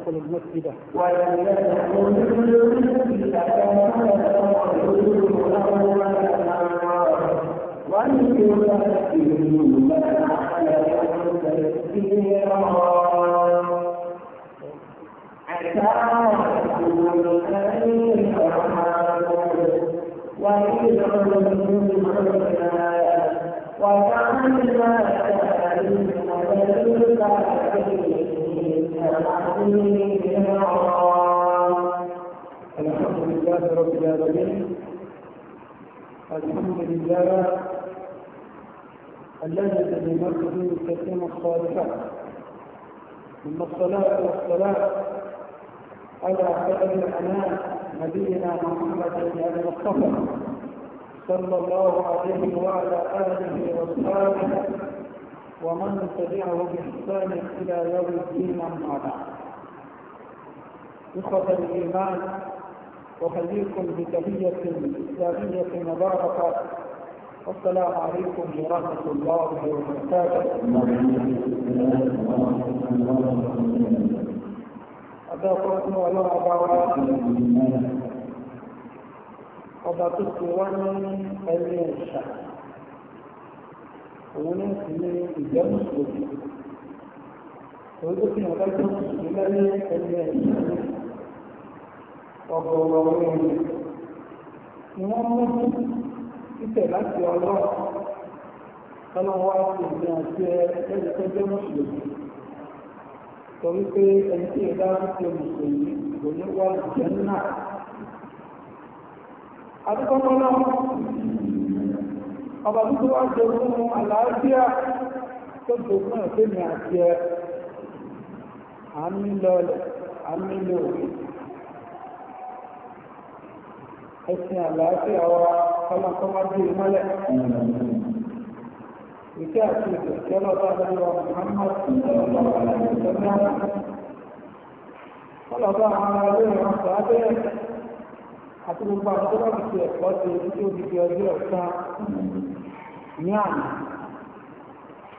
يدخل المسجد ولم يدخل المسجد وَكَانَ مَا تَعْلَمُ وَلَا تَعْلَمُ الحمد لله رب العالمين الحمد لله الذي بنعمته تتم الصالحات ثم الصلاة والسلام على خير محمد بن أبي مصطفى صلى الله عليه وعلى آله وصحبه ومن تبعه بإحسان إلى يوم الدين أما بعد إخوة الإيمان أحييكم بتحية إسلامية مباركة والسلام عليكم ورحمة الله وبركاته. أدعوكم الله أبارك وبارك وأنا أيها الشعب òun ní sí ní ìjẹ́ mùsùlùmí òun tó fi hàn lọ́jọ́ mùsùlùmí lẹ́yìn ẹni ẹ̀yìn ọgọ́rọ̀ orí ẹni ni wọ́n mú títẹ̀ láti ọlọ́run tọ́lọ́wọ́ àti ìgbé àti ẹni tó jẹ́ mùsùlùmí torí pé ẹni tí ìdá ti mùsùlùmí kò ní ọba tó wá jẹ nínú àlàáfíà tó gbogbo náà pé ní àti ẹ àmìlọlẹ̀ àmìlò ẹ̀sìn àlàáfíà wa ọlọ́kọ́mọdé mọ́lẹ̀ ìkẹ́ àti ìgbẹ̀kẹ́ lọ́dọ̀ àdáyọ̀ Muhammad sallallahu alaihi wasallam ọlọ́dọ̀ àwọn ará ilé ìrànṣọ́ abẹ́rẹ́ àti gbogbo àwọn tó bá fi ṣe ẹ̀kọ́ ṣe tí ó fi fi ọjọ́ ọ̀sán ní àná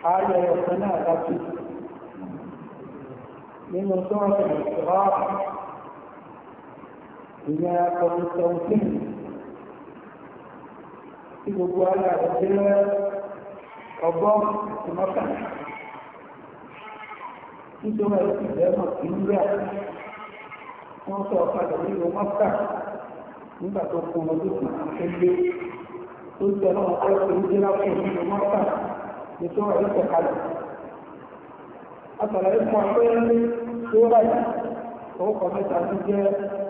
ààrẹ ọ̀sán náà dájú nínú tó ń rẹ̀ ìṣòro ìyẹn akọni seventeen tí gbogbo ara rẹ̀ jẹ́ ọgbọ́n àti mọ́kànlá nítorí ẹ̀sìn ìdẹ́mọ̀ sí ń bẹ̀ wọ́n sọ ọ̀kadà nínú mọ́kànlá nígbà tó fún ọmọdé kù tó gbé tó ń tẹ̀lé ọmọ ọ̀pọ̀ tó ń gbé lápò ní mọ́tà ní tó wà lẹ́sẹ̀ kalẹ̀. Àtàlàyé fún akẹ́rẹ́ tó wà yìí owó kan mẹ́ta tó jẹ́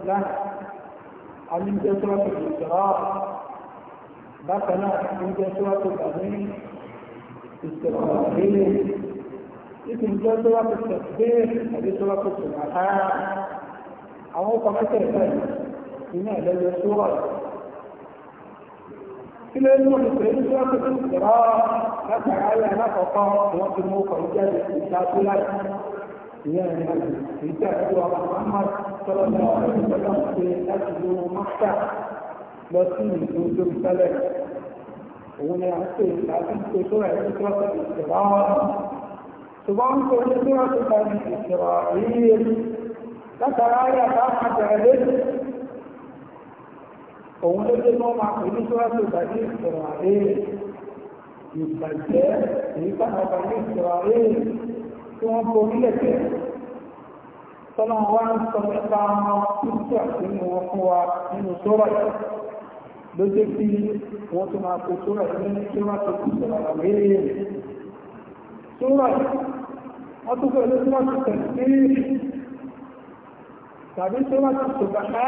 láti alíjẹ́ tó láti ìṣẹ̀rá bákan náà alíjẹ́ tó láti tàbí ìṣẹ̀rá ìṣẹ̀rá ìṣẹ̀rá tó láti tẹ̀síbẹ̀ẹ́ àbí tó láti tẹ̀síbẹ̀ẹ́ àwọn ọkọ̀ mẹ́tẹ̀ẹ̀ta yìí iná ìlẹ́yẹ sóra ilé inú ìpèrè ní sọ́ọ̀tù tó kìrọ́ látara ayé alákọ̀ọ́kọ́ wọn ti mú ọkọ̀ ìjáde ìṣáájú láì ìyá ẹni àti ìjà ìjọba Muhammad sọlọ ní ọ̀rọ̀ ìjọba ṣe láti lu mọ́tà lọ sí ìlú Jerusalem òun ni a ń pè láti ń pè sóra ẹni sọ́ọ̀tù ìṣẹ̀rọ̀ ṣùgbọ́n ń pè ní sọ́ọ̀tù ìṣẹ̀rọ̀ yìí látara ayé àbáfàjà ẹlẹ́sìn òun ló dé mọ́ máa pè ní sọ́wọ́sọ ìbàdí ìsọ̀rọ̀ àárẹ̀ ìbàjẹ́ èyí táwọn ìbàdí ìsọ̀rọ̀ àárẹ̀ tí wọ́n borí lẹ̀kẹ́ tọ́lá wa ń sọ nípa ọmọ títí àtúnú wọn fún wa nínú sọ́rọ̀ yìí ló dé sí wọ́n tó máa kó sọ́rọ̀ yìí ní sọ́rọ̀ tó kù sọ̀rọ̀ àárẹ̀ sọ́rọ̀ yìí wọ́n tó fẹ́ ló tó tẹ̀sí tàbí sọ́rọ̀ tó sọ̀rọ̀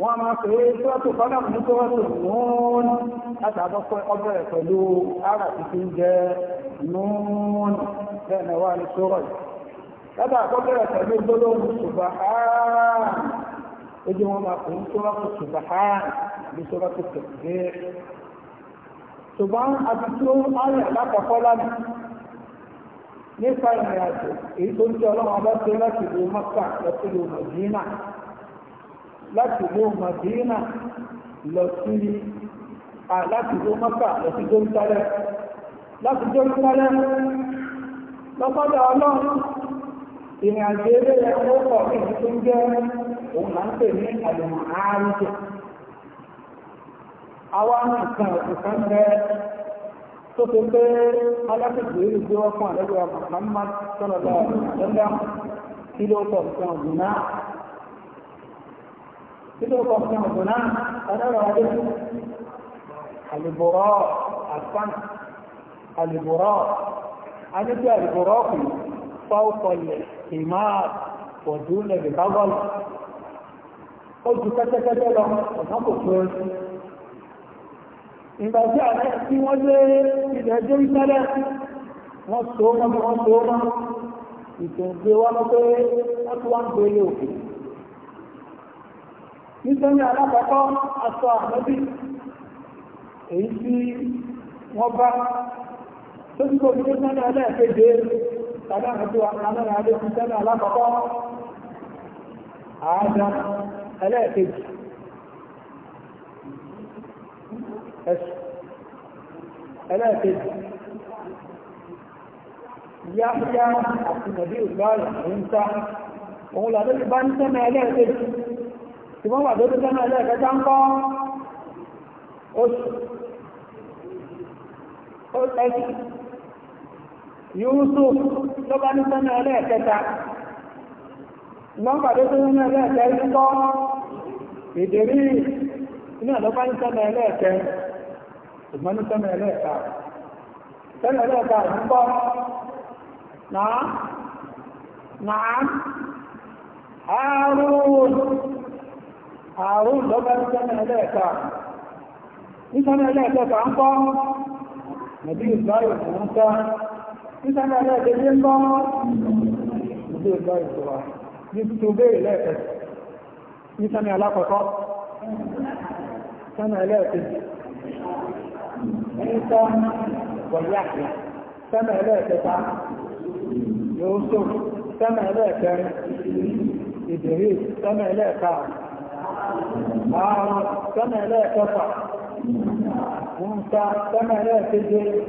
wọ́n máa pè é sọ́tò kọ́lá mú sọ́tò nùún látàbọ̀ pé ọbẹ̀ rẹ̀ pẹ̀lú ara tuntun jẹ́ nùún bẹ́ẹ̀ náà wà ní sọ́rọ̀ yìí látàbọ̀ bẹ̀rẹ̀ pẹ̀lú gbólóhùn subahán ojú wọn máa pè é sọ́tò subahán ní sọ́tò kẹ̀kẹ́ ṣùgbọ́n àtúntò ayọ̀ lápapọ̀ lánàá nípa ìrìn àjò èyí tó ń jẹ́ ọlọ́run ọba láti ìlú mọ́kà lọ sí ìlú láti ìlú Madina lọ sí láti ìlú Mọ́kà lọ sí Jerusalem láti Jerusalem lọ́sọ́dọ̀ ọlọ́run ìrìn àjò eré ẹ̀kọ́ pọ̀ ní tó ń jẹ́ òun là ń pè ní àlùmọ̀ àárúkẹ́ àwọn nǹkan ìkan tó pé gbé wọ́n fún àlẹ́gbẹ̀ẹ́ كده ربنا هنا أنا رأيت البراء الصنع البراء أنا البراء فوق الحمار ودون الغضب قلت كذا كذا لهم وهم ìgbà tí a rẹ̀ tí wọ́n lé ìdẹ̀jẹ́ ìtẹ́lẹ̀ wọ́n tó mọ́ wọ́n tó mọ́ ìtẹ̀gbé wọ́n nítorí alákọ̀ọ́kọ́ aṣọ àmọ́bí èyí tí wọ́n bá tó ti kò ní sọ́nà na tàbí àjọ àmọ́rin adé fún sọ́nà alákọ̀ọ́kọ́ àádá ẹlẹ́ẹ̀kejì ẹ̀sùn ẹlẹ́ẹ̀kejì yáyá àti nàbí ìgbà ìrìnta òun làbẹ́ ti ṣùgbọ́n wà lórí sẹ́nà ẹlẹ́ẹ̀kẹta ń kọ́ oṣù Yusuf tó bá ní sẹ́nà ẹlẹ́ẹ̀kẹta ṣùgbọ́n pàdé tó ní ẹlẹ́ẹ̀kẹta ń kọ́ ìdèrí iná ló bá ní sẹ́nà ẹlẹ́ẹ̀kẹ ààrùn lọ́gbà ní sọ́nà ẹlẹ́ẹ̀ka ní sọ́nà ẹlẹ́ẹ̀kẹta ń kọ́ nàbí ìbáyọ̀ fún ń kọ́ ní sọ́nà ẹlẹ́ẹ̀kẹta ń kọ́ nàbí ìbáyọ̀ fún wa ní tùbé ìlẹ́ẹ̀kẹta ní sọ́nà alákọ̀ọ́kọ́ ìdèrí sọ́nà ẹlẹ́ẹ̀karùn معرض كما لا تقع منكر كما لا تجد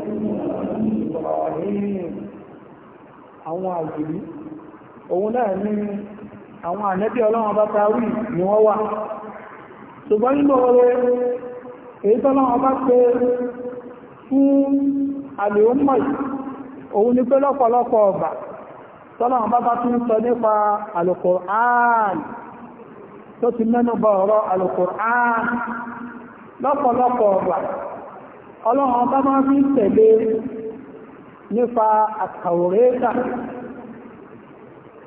إبراهيم àwọn àjìrí òun náà ní àwọn ànẹ́bí ọlọ́run bá tarí ni wọ́n wà ṣùgbọ́n nínú ọrẹ èyí tọ́lọ́run bá pé fún òun ni pé lọ́pọ̀lọpọ̀ ọba, tọ́lọ́run bá tún sọ nípa tó ti mẹ́nu bá ọ̀rọ̀ al lọ́pọ̀lọpọ̀ ọ̀gbà ọlọ́run ọba máa fi tẹ̀lé nípa àtàwòrẹ́ta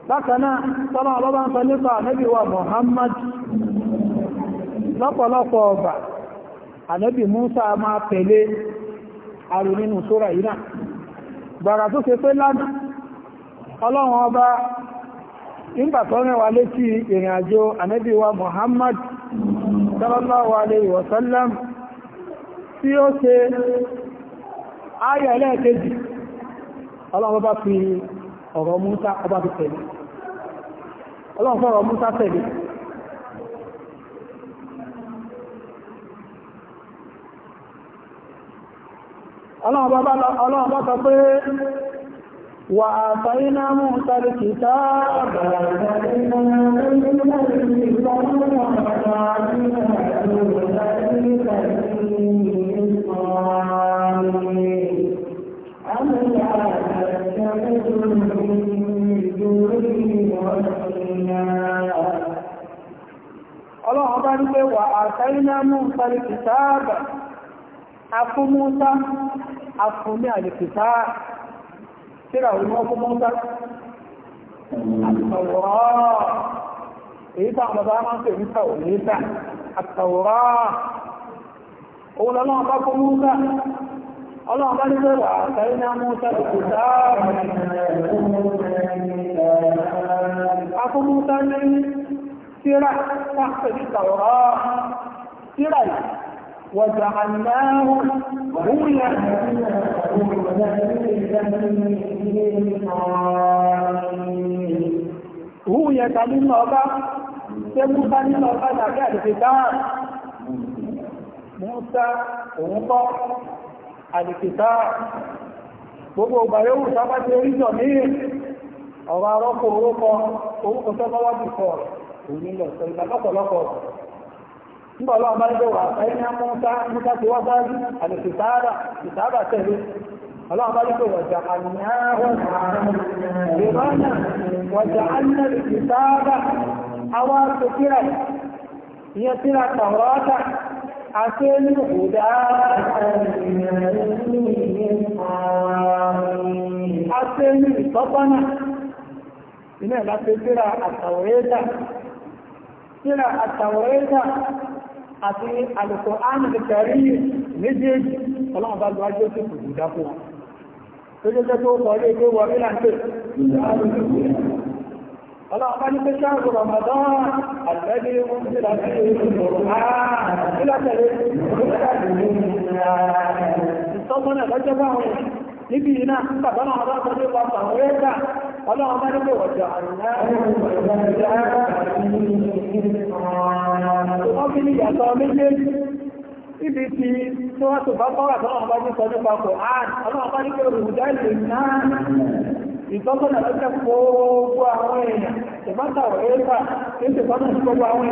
bákanáà tọ́lọ́ ọba ń sọ nípa ànábì wa Muhammad lọ́pọ̀lọpọ̀ ọ̀gbà ànábì Musa máa tẹ̀lé àrù nínú sóra ìrìnà gbàrà tó ṣe pé lánàá ọlọ́run ọba in tó rẹ̀ wá létí ìrìn àjò wa Muhammad sallallahu alayhi wa sallam tí ó ṣe ayà ẹlẹ́ẹ̀kejì ọlọ́run fi ọ̀rọ̀ Músá ọba fi tẹ̀lé ọlọ́run fọ́rọ̀ Músá tẹ̀lé ọlọ́run bá وآتينا موسى الكتاب Ọlọ́run bá ń gbé wà àtàrínà mú sọ́rí kìtàbà, a fún Músa, a fún ní àlè kìtàbà kíra òun wọ́n fún mọ́ta àtàwòrá èyí táwọn bàbá máa ń pè ní tàwòrá àtàwòrá òun lọ́lọ́wọ́n bá fún mọ́ta ọlọ́wọ́n bá nílẹ̀ wà àtàrí ní amúta ìkùtà afúnmúta ní kíra táwọn pè ní tàwòrá kíra yìí وجعلناهم هم Hú yẹ tàbí ní ọba, ṣe mú bá nínú ọba Gbogbo ògbàrẹ́ òun sábá orí jọ ní ọ̀rọ̀ arọ́kọ̀ orúkọ orúkọ tọ́bá wá ti ìgbàlọ́pọ̀lọpọ̀ nígbà ọlọ́wọ́ bá lẹ́gbẹ̀ẹ́ wà ẹni amúta múta ti wá sáájú àti ìtààdà ìtààdà tẹ̀lé ọlọ́wọ́ bá lẹ́gbẹ̀ẹ́ wọ̀jà àníyàn ìrọ́nà wọ̀jà ánà ìtààdà àwọn asòkíra ìyẹn tíra tàwọ́ta àti àlùkò ánìlì méjèèjì ọlọ́run fún wọn tó jẹ́ tó wọ ní ọlọ́run bá ibi tí tí wọ́n tó bá tó sọ nípa kò án bá náà tó jẹ́ gbogbo àwọn èèyàn ìbátà tí ó ti sí gbogbo àwọn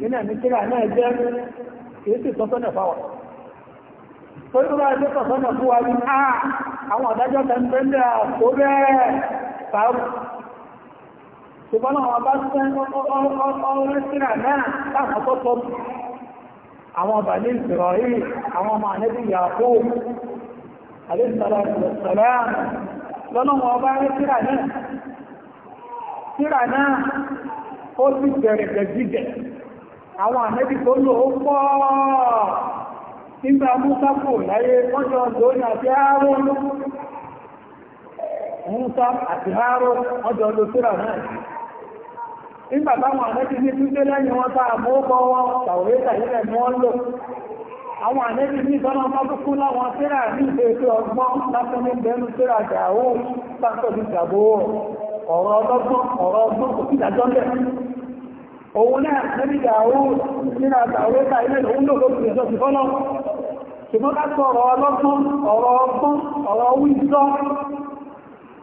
èèyàn kìí sì tọ́sọ́nà fáwọn torí tó bá ẹgbẹ́ tọ́sọ́nà fún wa ní àwọn àdájọ́ tẹ́ntẹ́ndẹ́ àkó bẹ́ẹ̀ pàápù ṣùgbọ́n àwọn síra náà láàrín tó tọ́ àwọn ọba àwọn àmẹ́bí tó lò ó pọ̀ nígbà Musa kò láyé ọjọ́ lórí àti Áárún Musa àti Áárún ọjọ́ lò náà nígbà táwọn àmẹ́bí ní túnjẹ́ lẹ́yìn wọn ọkọ̀ wọn ilẹ̀ lò àwọn àmẹ́bí ní ìtọ́nà ọmọdúnkú láwọn síra ní ìfẹ́ ọgbọ́n lásán ní bẹ́ẹ̀nu ní ọ̀rọ̀ ọ̀rọ̀ òun náà nígbà òun nínú àtàwẹ́ta ilẹ̀ òun ló ló pèsè sí fọ́nà ṣùgbọ́n ká ọ̀rọ̀ ọlọ́gbọ́n ọ̀rọ̀ ọgbọ́n ọ̀rọ̀ wíjọ́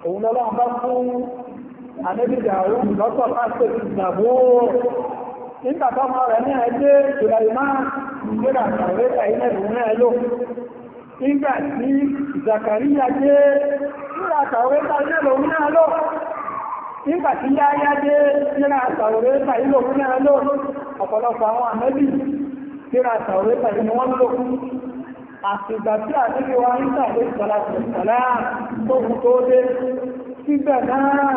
òun lọ́lọ́ bá fún ànẹ́bìdà òun lọ́tọ̀ pàṣẹ ìgbàgbó nígbà tó mọ ilẹ̀ òun náà lò nígbà tí yáyá dé síra àtàwòrẹ́ta ìlò fún náà lò ọ̀pọ̀lọpọ̀ àwọn àmẹ́bì síra àtàwòrẹ́ta ìlò wọ́n lò àtìgbà tí àdébí wa ń tàbí tó dé síbẹ̀ náà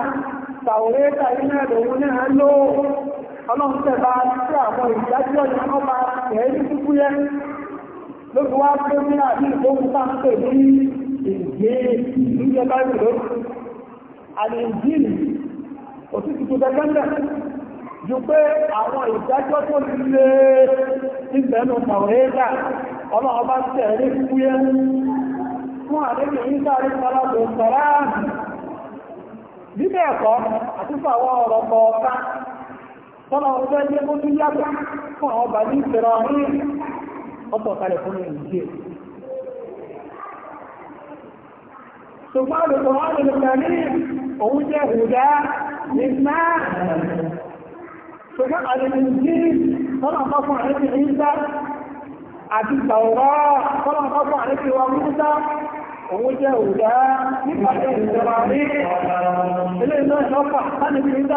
ní ní òtútù tó gẹ́gẹ́gẹ́ ju pé àwọn ìdájọ́ tó lè ìgbẹ̀nu pàwẹ́gà ọlọ́ọba jẹ́ ní ọ̀pọ̀ fún ìdíje ṣùgbọ́n lè kàní òun jẹ́ nígbà ṣùgbọ́n àdìmìjì tọ́lọ̀kọ́ fún àrẹ́bì ìgbà àti tàwọ́ tọ́lọ̀kọ́ fún àrẹ́bì wa múta òun jẹ́ òdá nípasẹ̀ ìjọba rí ilé ìlú ìlọ́pàá tánìbì ìgbà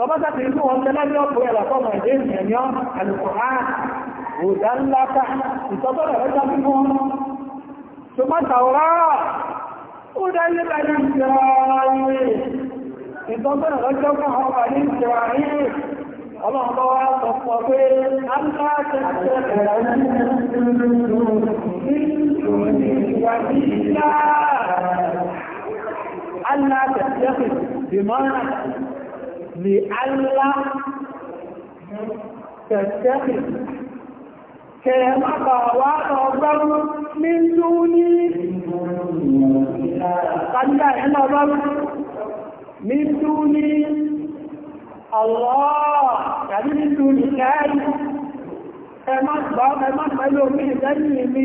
tọ́bátà ti ń wọn tẹ́lá ní ọ̀pọ̀ ẹ̀rọ fọ́mọ ẹ̀dẹ́ ìyẹ̀nyọ́ àlùkùnrà òdà ńláta ìtọ́tọ́rọ̀ rẹ̀ jábí fún wọn tó má ó dá ilé láyé ìjọra ayé ìtọ́tọ́rọ̀ لئلا تتخذ كما قوانا ọgbọ́n ní dúní kàndà ẹ̀nà ọgbọ́n ní dúní Allah tàbí ní dúní láàrí ẹmọ́ gbọ́n ẹmọ́ pẹ̀lú omi ìdẹ́yìn mi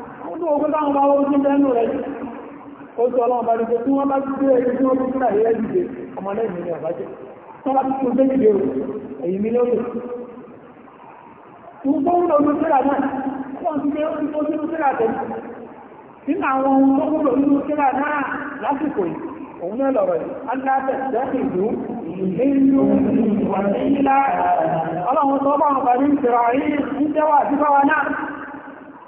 tó ogun táwọn bá wọ́n tí bẹ́ẹ̀nù rẹ̀ ó sọ ọlọ́run bá dìde tí wọ́n bá ti gbé ẹni tí wọ́n ti gbé ẹ̀yẹ́ dìde ọmọ lẹ́yìn ní ọ̀bájẹ́ tó bá ti tún bẹ́ẹ̀ dìde o èyí mi lórí tún tó ń lọ ojú síra náà wọ́n ti gbé ojú tó sínú síra tẹ̀lé nínú àwọn ohun tó wúlò nínú síra náà lásìkò yìí òun náà ìlú ìlú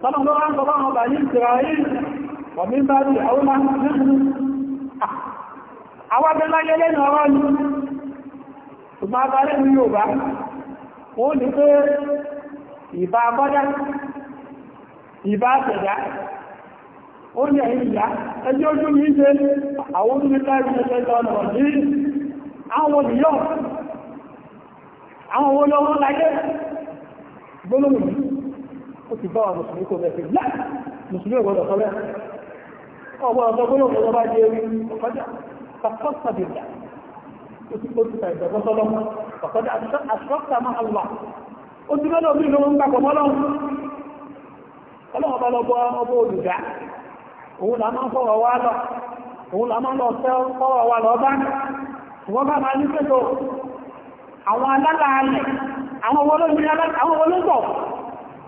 Sọ́nà ló rán sọ́bá ọmọ bàní Ìsìráyìn, wọ̀mí bá rí àwọn máa ń rí mú. Àwọn abẹ́lá yẹlẹ́ ní ọwọ́ ni, ṣùgbọ́n abárẹ́ ní Yorùbá, wọ́n ní pé ìbá bọ́dá, ìbá ṣẹ̀dá, ó ní ẹ̀yìn ìyá, ẹjọ́ ojú mi ṣe àwọn onílẹ̀ àwọn olùyọ́, àwọn olówó láyé, gbólóhùn o ti bá àwọn mùsùlùmí kò mẹ́fẹ́ láì mùsùlùmí ọgbọdọ sọ bẹ́ẹ̀ ọgbọ́ bá ó ti kóòtù ta máa ó ti bí ìlú ọlọ́wọ́ bá lọ òun là máa fọwọ́ lọ òun là máa fọwọ́ lọ bá bá máa ní àwọn alálàálẹ̀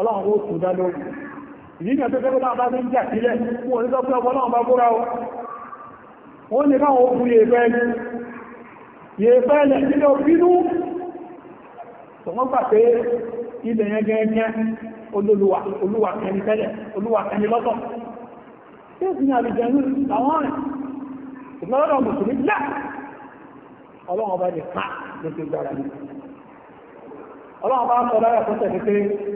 ọlọ́run ó tún dá lórí ìdíjọ tó fẹ́ bá ní jà sílẹ̀ fún oníṣọ́ pé ọmọ náà bá búra o wọ́n ní káwọn ogun yè fẹ́ ní yè fẹ́ ní ìdílé òbínú pé ilẹ̀ yẹn gẹ́gẹ́ olúwa ọlọ́run ọba lè sọ lára fún tẹ̀lé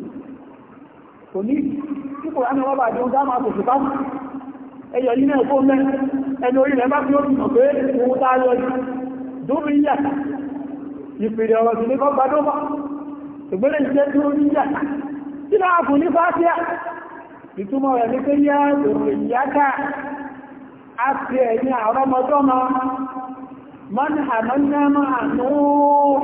kò ní tí kò rá ní wọ́n bá jẹun dámà kò sí bámù ẹyọ yìí náà fún mẹ́ ẹni orí rẹ̀ bá fi ó mọ̀ pé ohun tá yọ dúrí yàtà ìpìlẹ̀ ọ̀rọ̀ sí ní kọ́ bá dọ́bà ìgbẹ́lẹ̀ jẹ́ dúrí yàtà tí náà fún ní fásíà ìtumọ̀ rẹ̀ ní pé yá dúrí yàtà á fi ẹ̀yìn àwọn ọmọdọ́mọ من حملنا مع نوح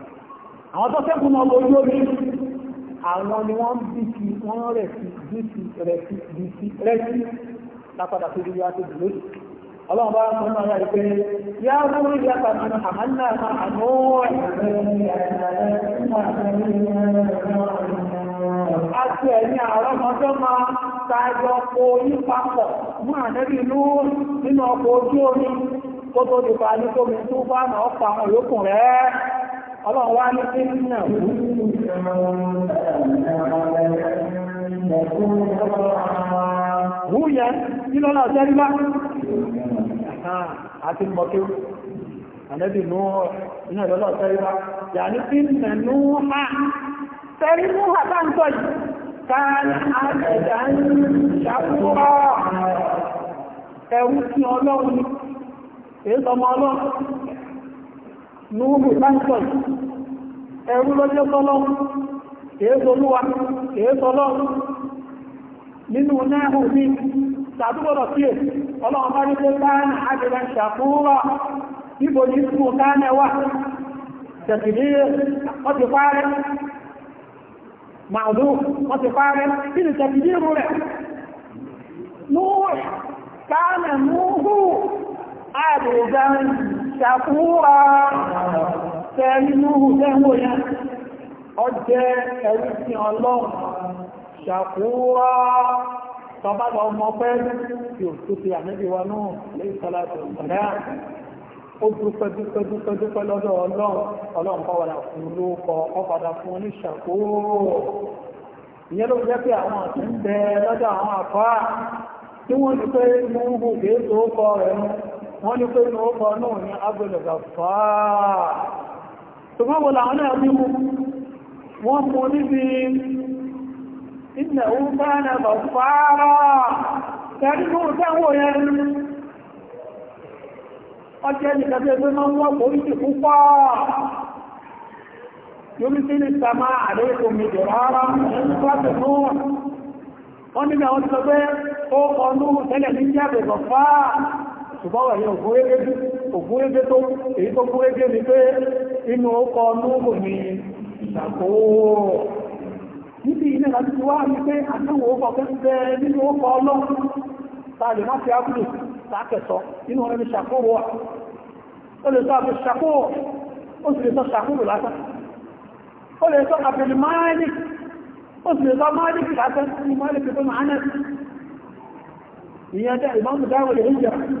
àwọn tó fẹ́ kún ọmọ ojú omi àwọn ni wọ́n bí sí wọ́n rẹ̀ sí bí sí rẹ̀ sí bí sí rẹ̀ sí lápadà tó dúró àti dúró ọlọ́run bá fún ọmọ rẹ̀ pé yá mú ìyá pàtó àmàlà àmọ́ àti ẹ̀yìn àárọ̀ mọ́jọ́ máa tààjọ ọkọ̀ orí papọ̀ mú ànẹ́bí inú nínú ọkọ̀ ojú omi tó tó dìpa ní tómi tó bá náà pa àwọn yòókù rẹ̀ ọlọ́run wá ní pé nínú àwọn wúyẹ nínú ọlá ọ̀tẹ́rí bá àti mọ̀kíw ànẹ́bì nú iná ìlọ́lọ́ ọ̀tẹ́rí bá yà ní pé nínú ha tẹ́rí mú ha bá ń tọ́ yìí káàlá àgbẹ̀dà ń ṣàkúrọ̀ ẹ̀rù sí ọlọ́run èé sọmọ ọlọ́run núhùrù sáńsọ̀n ẹ̀rú lọ́jọ́ tọ́lọ́ kìí solúwa kìí tọ́lọ́ nínú náà ní tàbíbọ̀dọ̀ sí è ọlọ́run bá ní pé káàna àjẹ́lá ṣàkúrọ̀ níbo ní fún káàna wà tẹ̀sìlẹ̀ wọ́n ti párẹ́ màálù wọ́n ti párẹ́ kí ni tẹ̀sìlẹ̀ rẹ̀ núhùrù ṣàkúrà tẹ́lúhù tẹ́wò yẹn ọ jẹ́ ẹ̀rí sí ọlọ́run ṣàkúrà tọbátọ̀ ọmọ pẹ́ tí ó tó ti àmẹ́bíwa náà lẹ́yìn sọ́látọ̀ ìgbàdá ó dúpẹ́ dúpẹ́ dúpẹ́ dúpẹ́ lọ́dọ̀ ọlọ́run ọlọ́run kọ́wàdà fún lóòkọ́ ọ̀padà fún oníṣàkóòrò ìyẹn ló jẹ́ pé àwọn àti ń bẹ lọ́dọ̀ àwọn àfáà tí wọ́n ti pé mú ń hù kéèkó kọ́ rẹ̀ wọ́n ní pé ní ọkọ̀ náà ní agbẹ̀lẹ̀gbà fàá ṣùgbọ́n wọ́n làwọn náà bí mú wọ́n mú níbi ìnàwó báyà bà fàárá tẹ́rí mú tẹ́wọ̀ yẹn ọjẹ́ nìkàtẹ́ pé máa ń wọ́n ní sàmà wọ́n ti sọ pé ó tẹ́lẹ̀ ṣùgbọ́n wà ní ògúnrégé tó èyí tó gúnrégé ni pé inú ọkọ̀ núhù ni ìṣàkóó níbi ilé láti wá ní pé àtúwò ọkọ̀ tó ń bẹ nínú ọkọ̀ ọlọ́run tààlè má fi ápùlù lè sọ jẹ́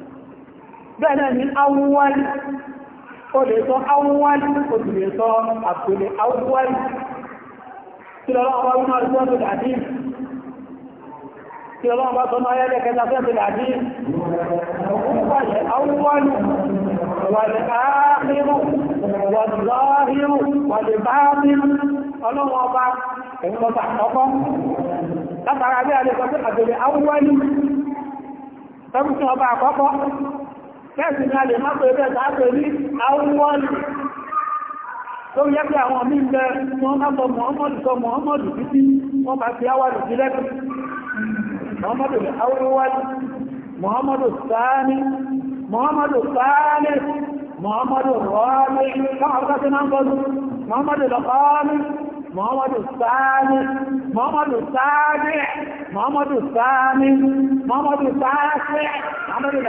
bẹ́ẹ̀ náà ní awúwáì ó lè sọ awúwáì ó sì lè sọ àpèlè awúwáì kí lọ́wọ́ ọba wúmọ̀ sí ọdún dàdí kí lọ́wọ́ ọba sọmọ ayẹ́lẹ́ kẹta fẹ́ẹ̀sì dàdí awúwáì wàlẹ̀ wàdìláhírù wàdìbáàmírù ọlọ́wọ́ ọba ẹ̀kọ́ta ọba àkọ́kọ́ kẹ́sì ní a lè máa pẹ̀lú ẹ̀ta pẹ̀ ní àwọ́wọ́lù tó yẹ́ pé àwọn mí jẹ́ wọ́n máa sọ mọ̀ọ́mọ̀dù sọ mọ̀ọ́mọ̀dù títí wọ́n bá fi áwàlù sí lẹ́kùn mọ̀ọ́mọ̀dù àwọ́wọ́lù mọ̀ọ́mọ̀dù sáání mọ̀ọ́mọ̀dù sáání mọ̀ọ́mọ̀dù rọ́ọ̀mí káwọn akọ́sí náà ń kọ́dù mọ̀ọ́mọ̀dù lọ́kọ́ọ́mí Muhammadu Sani, Muhammadu Sani, Muhammadu Sani, Muhammadu Sani, Muhammadu Sani,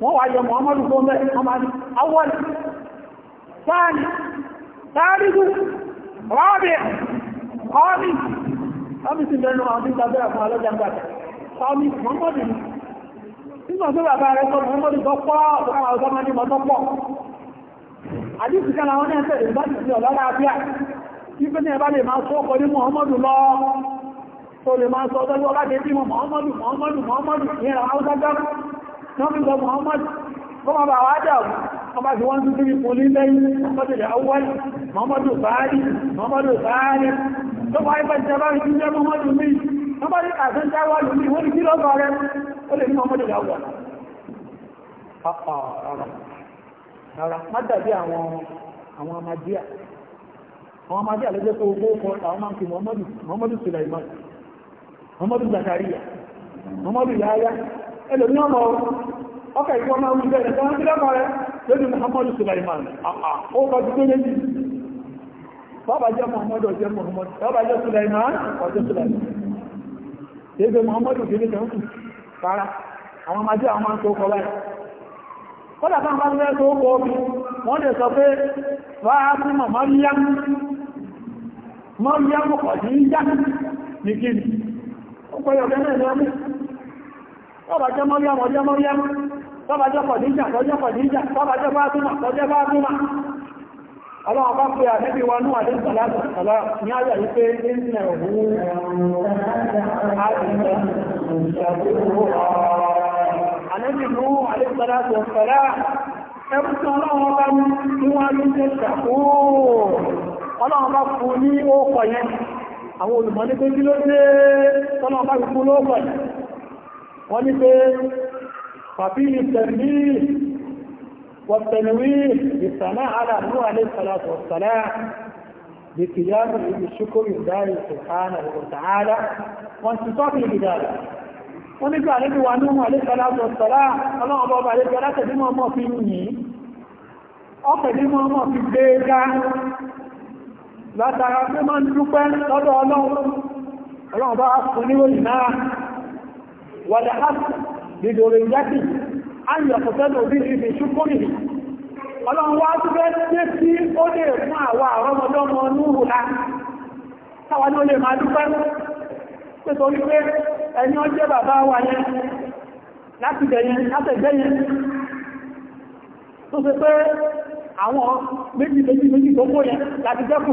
wọ́n wá yọ Muhammadu tó mẹ́ ọmọdé awọ́lì sáàlì sáàrígù rọ́bì kọ́mí kọ́mí sí lẹ́nu ọdún tàbílẹ̀ fún alọ́jà Muhammadu ní nígbà tó àwọn wọ́n fi lọ Muhammad kọ́mọ bá wá jà ọba ti wọ́n tún tí ipò lílẹ̀ mọ́tẹ̀lẹ̀ awọ́l mọ́mọ́dù báárì mọ́mọ́dù báárì tó bá ipẹ́ jẹ́ bá rí jẹ́ mọ́mọ́dù mí mọ́mọ́dù àti jáwà lórí wọ́n ni kí lọ́gbọ̀ rẹ̀ ó lè ní mọ́mọ́dù láwọ̀ ah, ah, rárá má dàbí àwọn àwọn amadíà àwọn amadíà ló jẹ́ kó owó kọ́ àwọn máa ń fi mọ́mọ́dù Sulaiman mọ́mọ́dù Zakariya mọ́mọ́dù Yahya ẹlòmí ọmọ ọkà ìfọ́ máa ń bẹ̀rẹ̀ tán sí lọ́pàá rẹ̀ lórí muhammadu sulaiman ó bá ti gbé bàbá jẹ́ muhammadu ọjọ́ muhammadu bàbá sulaiman ọjọ́ sulaiman ẹgbẹ́ muhammadu kìí ń kù tọ́bàjẹ́ mọ́ríà mọ́ríà mọ́ríà tọ́bàjẹ́ pọ̀díjà tọ́jẹ́ pọ̀díjà tọ́bàjẹ́ fásúnà tọ́jẹ́ fásúnà ọlọ́wọ́ bá pé àdébí wa ní àdé ìsàlá ní àyà wípé ìsìnà òun àdébí ní àdé ìsàlá tó sọ́lá ẹkùsùn ọlọ́wọ́ bá ní ha ní ṣe ṣàkóò ọlọ́wọ́ bá fún ní ó kọ̀ ha àwọn olùmọ́ ní pé kí ló dé tọ́lọ́wọ́ bá fi fún ló kọ̀ wọ́n ní pé fàfíì tẹ̀lú wọ̀tẹ̀lúwí ìsànà àdà níwà ní sàlátọ̀ sàlá bí kì yá mú ibi ṣúkúrù dárí sùhánà wọ̀tàhálà wọ́n ti tọ́ fi ìdára wọ́n nígbà níbi wà níwà ní sàlátọ̀ sàlá ọlọ́run bọ́ bá lè jẹ́ والحق لذريته أن يقتل به بشكره ọlọ́run wá tó fẹ́ tẹ́ sí ó lè fún àwa àrọ́mọdọ́mọ núhù la táwa ní ó máa dúpẹ́ pé torí pé ẹni ó jẹ́ bàbá wa yẹn láti bẹ̀yẹn látẹ̀gbẹ́ tó ṣe pé àwọn méjì méjì méjì tó kó yẹn láti jẹ́kù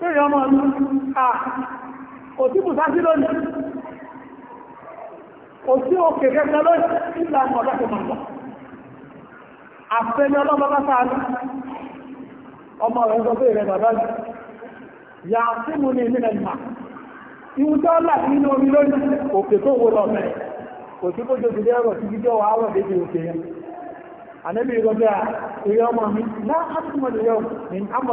lórí ọmọ ìlú àà kò sí lónìí kò òkè kẹta lónìí ìlà ọ̀dọ́kọ̀ màmá àfẹ́ni ọlọ́pàá ọmọ rẹ̀ sọ pé bàbá yìí yà sí mú ní ìmìnà ìmà ìwú tó omi lónìí òkè tó wó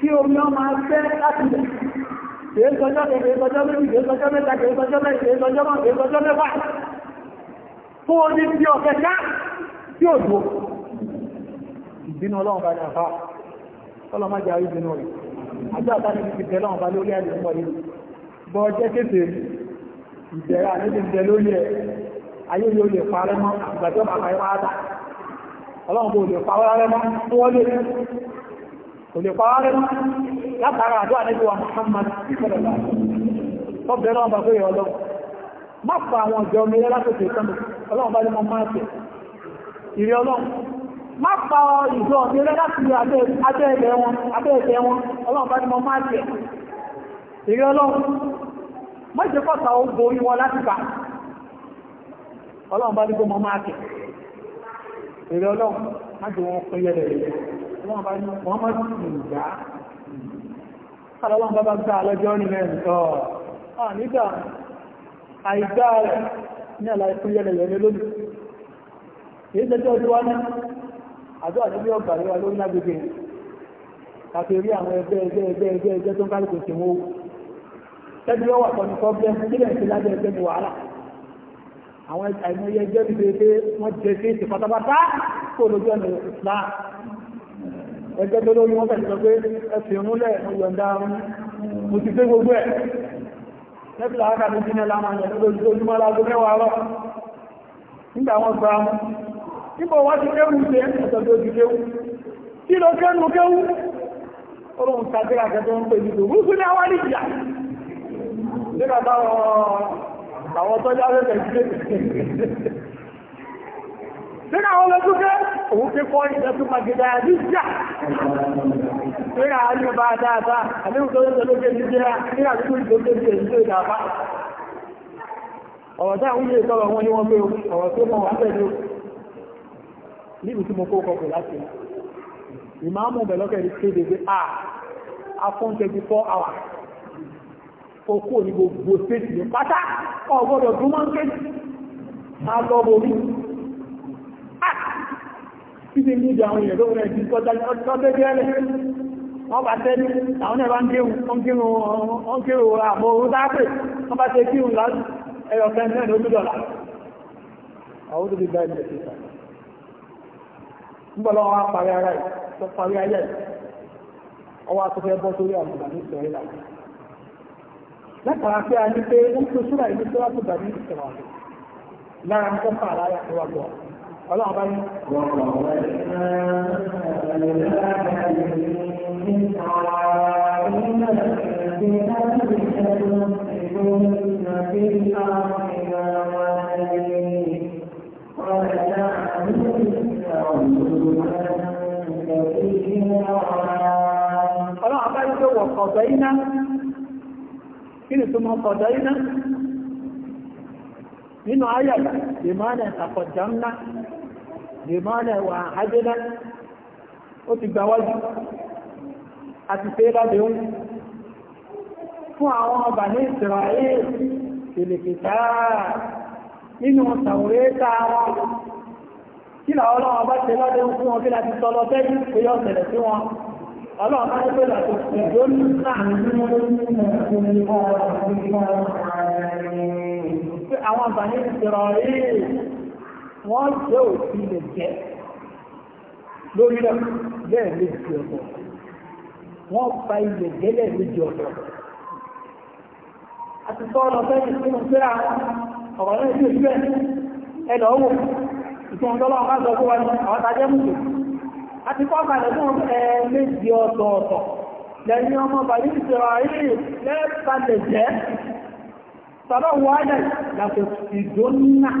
kí omi ọmọ afẹ́ láti lẹ̀. Kèésọjọ́ kèésọjọ́ méjì, kèésọjọ́ mẹ́ta, kèésọjọ́ mẹ́ta, kèésọjọ́ mọ́, kèésọjọ́ mẹ́fà. Fún oní tí ọ̀fẹ́ ká tí ò dùn. Ìbínú ọlọ́run bá ní àfá. Ọlọ́run má jẹ́ àrí ìbínú rẹ̀. Àjọ kò lè pàwárẹ́ látara àdúrà níbi wa Muhammad tó bẹ̀rẹ̀ wọn bá pé ọlọ́ má pa àwọn ọjọ́ mẹ́rẹ́ látòkè ìtọ́nù ọlọ́run bá lè mọ máa tẹ̀ ìrẹ́ ọlọ́run má pa ìjọ mẹ́rẹ́ láti abẹ́ẹ̀lẹ̀ wọn abẹ́ẹ̀lẹ̀ wọn ọlọ́run bá lè mọ máa tẹ̀ ìrẹ́ ọlọ́run má jẹ́ kọ́ta ó borí wọn láti kà ọlọ́run bá lè mọ máa tẹ̀ ìrẹ́ ọlọ́run májò wọn pín yẹ́rẹ̀ rẹ̀ wọ́n bá ní wọ́n má sí ìgbà kálọ́wọ́n bá bá gbá lọ́jọ́ nílẹ̀ nìtọ́ nígbà àìgbá rẹ̀ ní àlàyé pín yẹ́rẹ̀ rẹ̀ lónìí kìí ṣẹjọ́ ojú wá ní àjọ àdébí ọgbà rẹ̀ wà lórí lágbègbè àti rí àwọn ẹgbẹ́ ẹgbẹ́ ẹgbẹ́ ẹgbẹ́ tó ń kálukú problem sílẹ̀ sí lábẹ́ ẹgbẹ́ ni àwọn àìmọye ẹgbẹ́ mi ṣe pé wọ́n jẹ sí ìsìn pátápátá kó lójú ọ̀nà Islam ẹgbẹ́ tó lórí wọ́n fẹ̀sọ̀ pé ẹsìn ìrúnlẹ̀ mo yọ̀ǹda mo ti gbé gbogbo ẹ̀ lẹ́bí làwọn kàdé jí náà láwọn yẹn lójú ojúmọ́ láago mẹ́wàá rọ̀ nígbà wọn gba mú nígbà wọ́n ti kéwù ṣe ẹ̀sọ̀ tó ti kéwù kí ló kẹ́nu kéwù ó lóun ṣàgbéra kẹ́tọ́ ń pè ní tòun ní àwọn àlejò àtàwọn tó yá rẹ̀ Tíra àwọn olóògbé, òun ti kọ́ ìjẹ́sù Magida Adíjà. Tíra àárín bá dáadáa, àdínkù tó lóògbé lóògbé ní jẹ́ tíra tó lóògbé ní ìlú ìdàbá. Ọ̀rọ̀ táà ń lè sọ́rọ̀ wọn ni wọ́n pé ọ̀rọ̀ tó mọ̀ wá pẹ̀lú. Níbi tí mo kó kọkù láti. Ìmáàmù bẹ̀lọ́kẹ̀ okó ní gbogbo stéètì ní pátá ọgbọ́dọ̀ tó máa ń ké alọ́bọ̀ mi títí ah! ní ìjà àwọn èèyàn lóòrùn ẹ̀dì tọ́tẹ́gẹ́rẹ́ wọ́n bá tẹ́ ní àwọn ẹ̀bá ń kírun àmọ́ orú dápè wọ́n bá tẹ́ kírun láti ẹ̀yọ̀ kẹ́ẹ̀ẹ́ lórí dọ̀là àwọn olùdí bá ẹ̀jẹ̀ títà ń bọ̀lọ́ wọn parí ara ẹ̀ tó parí ayẹ́ ọwọ́ akọ́fẹ́ bọ́ sórí àwọn ìgbà ní ìsọ̀rẹ́lá látara pé a ní pé ó ń tó súra ìlú tó wá tó gbà ní ìṣẹ̀wà rẹ̀ lára ń tọ́ka àlàyé àti wàgbọ́ ọlọ́run bá ní. Ọlọ́run bá ní pé wọ̀kọ̀ ọ̀gbẹ́ iná kí ni tó máa kọ̀dọ̀ iná nínú ayàlá ìmọ̀lẹ̀ àkọ̀já ńlá ìmọ̀lẹ̀ wà ájẹ́lá ó ti gbà wájú àti pé lábẹ́ ó fún àwọn ọba ní ìsìnràyè ìlèkìtà nínú sàwòrétà wọn kí làwọn ọlọ́wọ́ bá ṣe lọ́dẹ̀ fún wọn kí láti sọ lọ ọlọ́run àwọn àbáyé ti rí wọ́n jẹ́ òfin lè jẹ́ lórí rẹ̀ bẹ́ẹ̀ méjì ọ̀tọ̀ wọ́n pa ilẹ̀ gẹ́lẹ̀ méjì ọ̀tọ̀ àti sọ́ọ̀lọ́ bẹ́ẹ̀ nínú síra ọ̀rọ̀ ọ̀dọ́lọ́wọ́ bá sọ fún wa ní àwọn àti kọ́kàlẹ̀ fún ẹ̀ẹ́mẹ́jì ọ̀tọ̀ọ̀tọ̀ lẹ́yìn ọmọ bàbí ìṣẹ́ra rí lẹ́ẹ̀kalẹ̀ jẹ́ sọ́rọ̀ wọ́lẹ̀ làkò ìdónà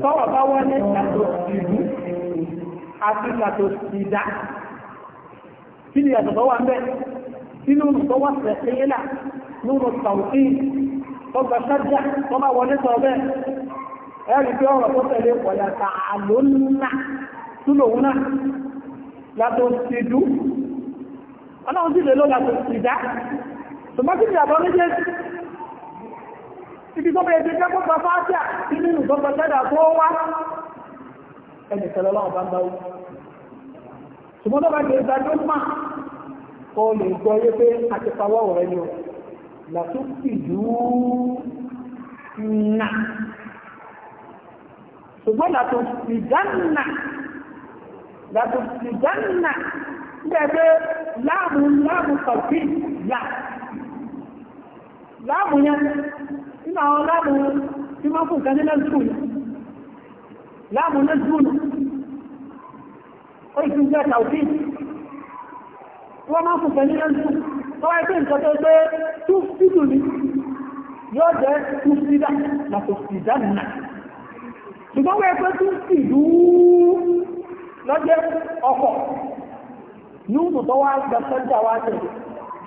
sọ́rọ̀ bá wọ́lẹ̀ làkò ìdú àti làkò ìdá kí ni ẹ̀sọ̀ wà mẹ́ inú tó wà sẹ̀kẹ́lá nínú tàùkí ọgbà sájá tó bá wọlé sọ bẹ́ẹ̀ ẹ̀rí pé ọ̀rọ̀ tó tẹ̀lé ọ̀yà tààló ńlá túlò ńlá látò ti dú ọlọ́run sì lè ló látò ti dá ṣùgbọ́n kí ni àbọ̀ méjèèjì ibi tó bẹ̀rẹ̀ ti jẹ́ kó gba fáájà tí nínú tó gba sẹ́dà tó wá ẹni tẹ̀lé ọlọ́run bá ń bá wú ṣùgbọ́n tó bá ti gba tó mà kó lè gbọ́ yé pé a ti pawọ́ ọ̀rẹ́ ni o látò ti dú ńlá ṣùgbọ́n látò ìdánà látò ìdánà gbẹ̀gbẹ́ láàmù láàmù kọ̀tí là láàmù yẹn nínú àwọn láàmù tí wọ́n fún kan nílẹ̀ skúl láàmù ní skúl ó ìsìn jẹ́ kàwùtí wọ́n máa fún kan nílẹ̀ skúl tó wáyé pé nǹkan tó gbé tú fídù ni yóò jẹ́ tú fídà látò ìdánà ṣùgbọ́n wọ́n ẹgbẹ́ tún sì lú lọ́jẹ́ ọkọ̀ lúùnù tó wá gba sọ́jà wá jẹ́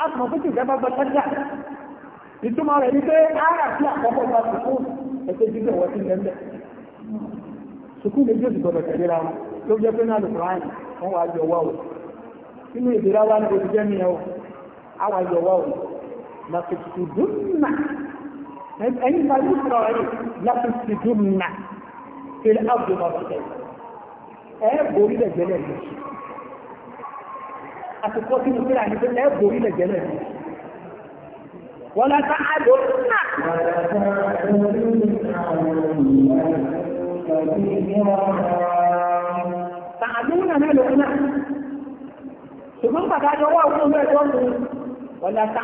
asùnmọ̀ tó kìí gẹ́gbẹ́ sọ́jà ìtumọ̀ rẹ̀ ní pé ara sí àkọ́kọ́ gba sùkúù ẹgbẹ́ jíjẹ́ wọ́n ti lẹ́lẹ̀ sùkúù méjì òsì gbọdọ̀ tẹ̀lé ra wọn ló jẹ́ pé náà lùkùn ráyìn wọ́n wá yọ wá o inú ìdíra wá ní oṣù jẹ́ mi o àwa yọ wá o làkùsùdùnà ẹ̀yìn ìgbà yóò sọ̀rọ̀ rẹ̀ làkùsùdùnà ilẹ̀ ààbò máa fi tẹ̀lé ẹ̀ borí lẹ̀gbẹ̀lẹ̀ mi àtìkọ́ tí mo fẹ́ra ní pé ẹ̀ borí lẹ̀gbẹ̀lẹ̀ mi wọ́n lọ sá àdó náà. Tààdó náà mẹ́lòó náà. Ṣùgbọ́n pàtàkì ọwọ́ òkú mẹ́jọ mú wọ́n lọ sá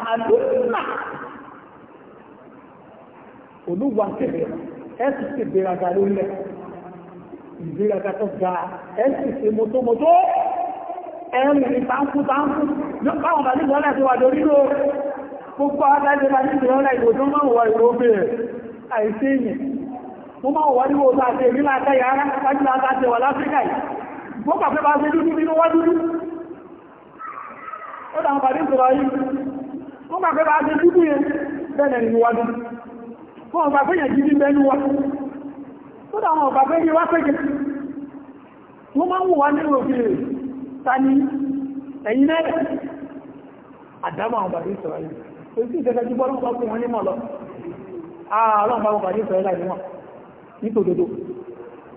ìgbéraga tó ga ẹ̀sì ṣe mọ́tọ́mọ́tọ́ ẹ̀rùn ní táńkù táńkù báwọn bá nígbà láti wà lórí ló gbogbo adájọ́ bá nígbà lọ́la ìwò tó máa wà ìwò bẹ̀rẹ̀ àìsí ìyìn mo máa wà níwò tó àti èmi láta yàrá wájú láta ti wà láfíríkà yìí mo kàfẹ́ bá ṣe dúdú nínú wájú dúdú ó dàwọn bàdé sọ̀rọ̀ yìí mo kàfẹ́ bá ṣe dúdú yẹn bẹ́ẹ̀ nínú wájú mo kàfẹ́ yẹn jí ní bẹ́ẹ̀ ní wá ó dàwọn bàbá yẹn wá pẹ́jẹ́ wọ́n máa ń wà ní òkèrè tani ẹ̀yìn náà àdámà àwọn bàbí ìsọ̀rọ̀ yìí tó sí ìjẹta jú bọ́lú ọkọ̀ wọn ní mọ̀ lọ ààrùn bá wọn bàbí ìsọ̀rọ̀ láì wọn ní tòdodo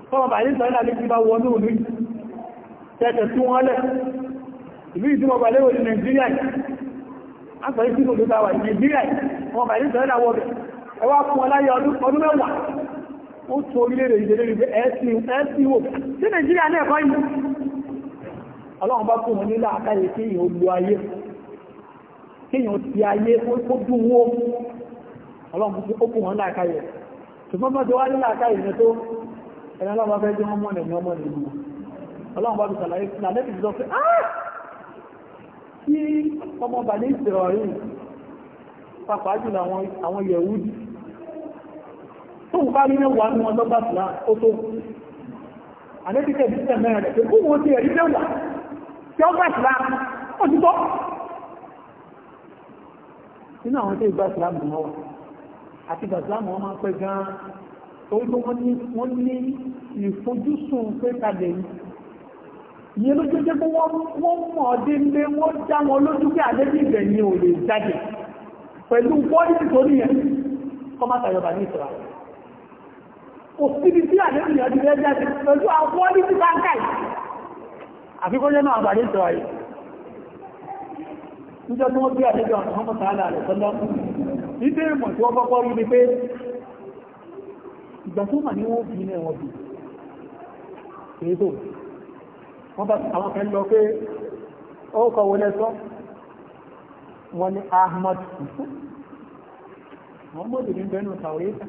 fọ́n bàbí ìsọ̀rọ̀ láì ti bá wọ ní òlú yìí tẹ́tẹ̀ tí wọ́n lẹ̀ ìlú ìdúmọ̀ balẹ̀ wò ní Nàìjíríà yìí a sọ yìí sí tòdodo àwọn Nàìjíríà yìí wọn bàbí ìsọ̀rọ̀ láì wọ bẹ̀ ẹ wá fún ọ ó tó orílẹ̀-èdè ìdílé rí pé ẹ̀ẹ́sìn ẹ̀ẹ́sìn wò sí nàìjíríà náà kọ́ yìí ọlọ́run bá fún wọn nílà àkáyè kí èèyàn lu ayé kí èèyàn ti ayé ó dùn wó ọlọ́run fún ó fún wọn nílà àkáyè ṣùgbọ́n bá ti wá nílà àkáyè ní tó ẹni ọlọ́run fẹ́ jẹ́ ọmọ rẹ̀ ní ọmọ rẹ̀ lù ọlọ́run bá fi sàlàyé fún un lẹ́bi sọ pé ah! kí ọmọ bàlẹ́ ìṣẹ̀rọ̀ yìí pàpàá jùlọ àwọn yẹ̀wúdì tó bá rí mẹ́wàá ní wọn lọ́gbà sílá ó tó àlébíkẹ́ ìdíkẹ́ mẹ́rin rẹ̀ kó wo ti ẹ̀rí mẹ́wàá tí ó gbà sílá ó ti tọ́ nínú àwọn tí ìgbà sílá mọ̀ wá àti ìgbà sílá mọ̀ máa pẹ́ gan-an torí pé wọ́n ní ìfojúsùn pé kalẹ̀ yìí ìyẹn ló jẹ́jẹ́ pé wọ́n mọ̀ ọ́ dé pé wọ́n já wọn lójú pé àlébí ìgbẹ̀yìn ò lè jáde pẹ̀lú bọ́ọ̀lì ní kò síbi tí àlébì yẹn ti fẹ́ jáde pẹ̀lú àwọn ní ti báńkà yìí àfikún jẹ́ náà àbàdé ìtọ́ ayé níjọ́ tí wọ́n bí àlébì àwọn ọmọ sàálà rẹ̀ sọ́lọ́ wọ́n ni pé ìgbà wọ́n bí ní bẹnu tàwé ìtàn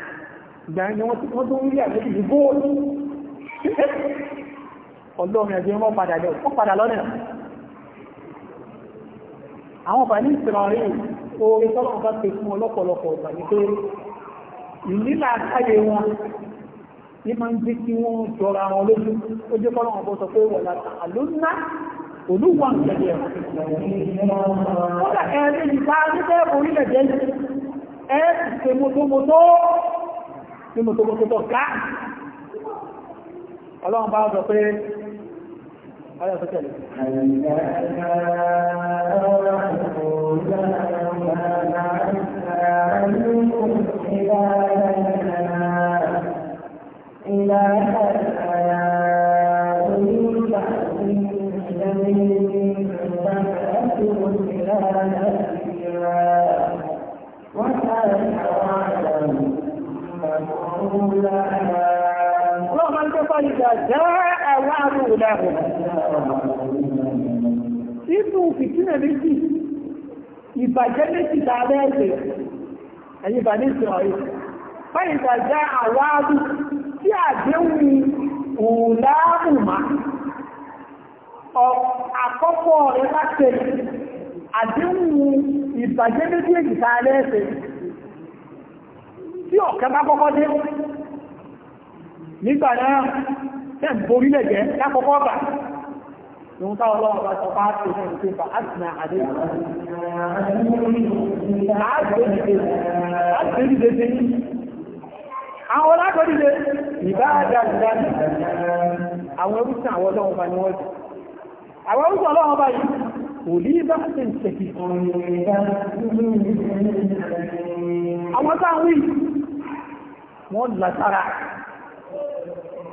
ìgbàrin ni wọ́n tó ń rí àjẹ́kì ní góòlù ọlọ́rin ẹgbẹ́ wọ́n padà lọ wọ́n padà lọ́nà àwọn ọ̀fà ní ìsìnrọ̀rí orin tọ́lọ̀ bá ti fún ọlọ́pọ̀lọpọ̀ ọ̀gbà ní pé ìlílà káyé wọn ní máa ń jẹ́ kí wọ́n jọra wọn lójú ó jẹ́ kọ́lọ́ wọn bó nínú tó gbogbo ká ọlọ́run bá sọ pé ayọ́ tó tẹ̀lé Thank you. Ọlọ́run tó kọ́ ìjà jẹ́ ẹ̀wọ́ àrùn ìdáhùn. Nínú fìtínà méjì, ìbàjẹ́ méjì tààrẹ ẹ̀sẹ̀, ẹ̀yìn bà ní ìsìn ọ̀yọ́. Fẹ́yìn tà jẹ́ àwọ́ àrùn tí àdéhùn òláàmùmá. Àkọ́kọ́ rẹ̀ láti àdéhùn ìbàjẹ́ méjì tààrẹ ẹ̀sẹ̀ tí ọ̀kẹ́ bá kọ́kọ́ dé nígbà náà tẹ́ ń borí lákọ́kọ́ bà lóun táwọn ọlọ́wọ́ bá sọ bá tó náà ní pépà á sì àdé àwọn alákọ̀ọ́díje bá ní wọ́n jù àwọn ẹrùsìn ọlọ́wọ́ bá yìí kò ní bá ṣe wọ́n lására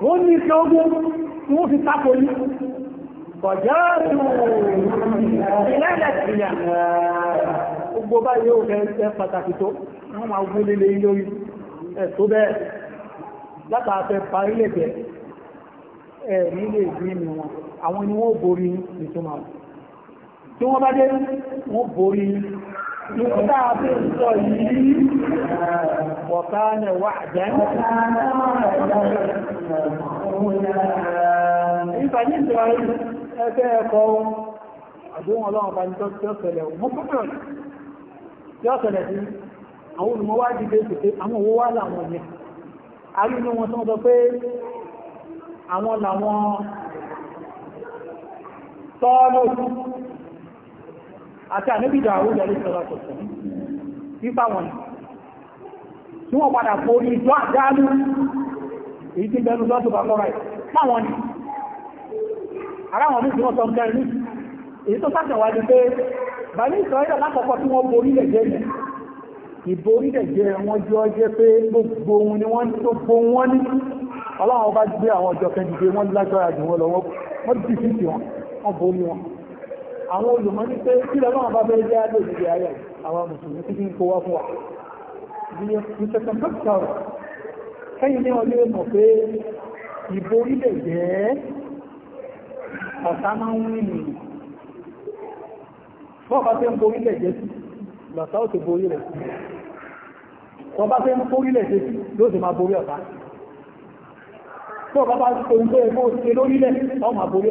wọ́n ní ṣe ogun wọ́n fi tápò ní bọ̀jáàrù ìrẹ́lẹ̀kìyà gbogbo bá yóò fẹ́ ṣẹ́ pàtàkì tó nígbà tí ń sọ yìí wọ̀ká ní wà jẹ́ ìfàyí ìjọ ẹgbẹ́ ẹ̀kọ́ àdúgbò ọlọ́run bá ní tó tí ó ṣẹlẹ̀ mọ́kúnlẹ̀ tí ó ṣẹlẹ̀ sí àwọn olùmọ́wá dìde sí àwọn owó wá láwọn yẹn a wọn tó sọ pé àwọn làwọn tọ́ọ̀lù àti ànábì Dáúdù lórí sọ́lá tọ̀tọ̀ fífà wọn tí wọ́n padà forí ìjọ àjálù èyí tí bẹnu lọ́tọ̀ bá kọ́ra ẹ̀ fáwọn ni ara wọn ní ìwọ́n tọ́jú ẹni èyí tó sáṣẹ̀ wájú pé bàbí ìsọ̀rọ̀ lákọ̀ọ́kọ́ tí wọ́n borí lẹ̀ jẹ́ yẹn ìborí lẹ̀ jẹ́ wọn jọ jẹ́ pé gbogbo wọn ni wọ́n tó gbó wọn ní ọlọ́run bá gbé àwọn ọjọ́ kẹ́ndìdé wọn lágbára jù wọn lọ wọ́n dì sí wọn wọ́n borí wọn àwọn olùmọ̀ ní pé kí lọ́wọ́ bá fẹ́ jẹ́ àjò ìdíje ayẹ̀ àwọn mùsùlùmí títí ń kó wá fún wa bí i ṣẹ̀kọ̀ mẹ́tàrọ̀ kẹ́yìn ní ọdún mọ̀ pé ìbò orílẹ̀ jẹ́ ọ̀tá máa ń rìn nìyí bọ́ọ̀bá fẹ́ ń borí lẹ̀ jẹ́ sí lọ́tá ó ti borí rẹ̀ sí ọba fẹ́ ń borí lẹ̀ jẹ́ sí yóò ti máa borí ọ̀tá bọ́ọ̀bá bá ti torí pé ẹgbẹ́ òṣìṣẹ́ lórílẹ̀ ọ máa borí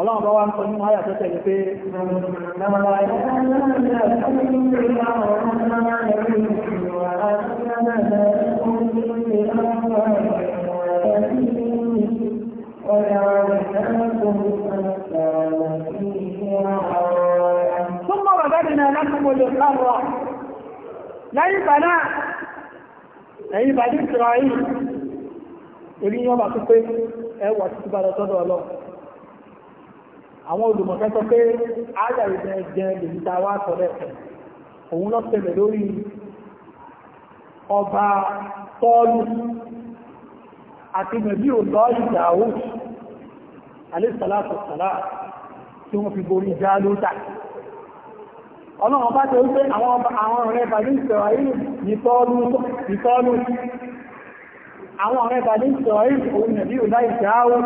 ọlọ́run bá wá ń sọ nínú àyà tó tẹ̀lé pé lẹ́yìn bàná lẹ́yìn yìí èrí yọ́ bá tó pé ẹwà títí bá lọ sọ́dọ̀ ọlọ́run àwọn olùmọ̀fẹ́ sọ pé ájà ìjẹ jẹ lèyí ta wá sọ lẹ́sẹ̀ òun lọ tẹ̀lẹ̀ lórí ọba tọ́ọ̀lù àti mẹ̀bí òlọ́ ìdáwó alẹ́sàlátò sàlá tí wọ́n fi borí já lóta ọlọ́run bá tẹ́ wípé àwọn ọ̀rẹ́ bàbí ìsọ̀rọ̀ ní tọ́ọ̀lù àwọn ọ̀rẹ́ bàbí ìsọ̀rọ̀ òun mẹ̀bí òlọ́ ìdáwó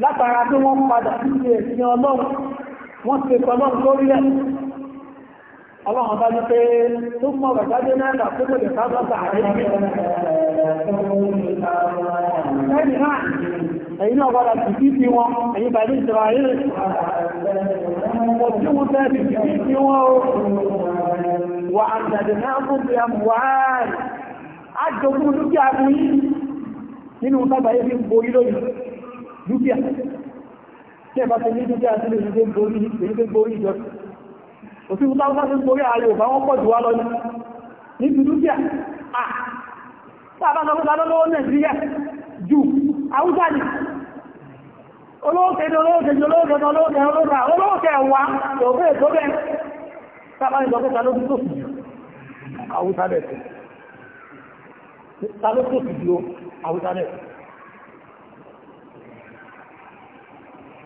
látara tí wọ́n padà sí ẹ̀sìn ọlọ́run wọ́n ti kọlọ́n lórí ẹ̀ ọlọ́run bá ní pé tó mọ̀ bàbájẹ́ náà là tó lè sábà bà á rí ẹ̀yìn náà ẹ̀yìn náà wọ́n láti kí sí wọn ẹ̀yìn bàbá Israel ọ̀tí wọn fẹ́ ti kí sí wọn o wà àgbàdì náà fún bí amúwárí ajọ́gbọ́n olúkí àmúyí nínú sábà yẹ́ fi ń borí lóyìí dúkìá tí ẹ bá ti ní dúkìá sí lè ṣe borí èyí tó borí ìjọsìn òfin fún táwọn fún borí ààrẹ òbá wọn pọ̀ jù wá lọ ní ti dúkìá ah sábà sọ fún lọ́wọ́ nàìjíríà ju àwùjá ni olówó kẹjọ olówó kẹjọ olówó kẹjọ olówó kẹjọ olówó kẹjọ olówó kẹjọ wá tó bẹ́ẹ̀ tó bẹ́ẹ̀ sábà ní dọ́kẹ́ta ló tó fi jù àwùjá bẹ̀ tó ta ló tó fi jù àwùjá bẹ̀ tó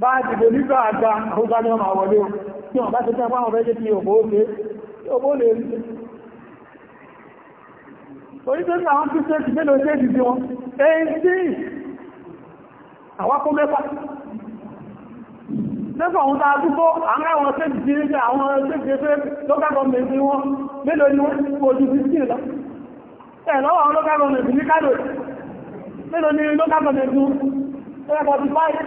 bá dìbò nígbà àgbà àwúgbà ní ọmọ àwọlé tí wọ́n bá ti tẹ́ fáwọn fẹ́jẹ́ tí òbó lè òbó lè rí oríṣẹ́ ní àwọn tí ṣe ti mélòó ṣe ìdí wọn ẹ̀yìn sí àwákó mẹ́fà lẹ́fà àwọn tàà túbó àwọn àwọn ṣe ti rí àwọn ṣe ti fẹ́ local government wọn mélòó ni wọ́n ojú 15 lọ ẹ̀ lọ́wọ́ àwọn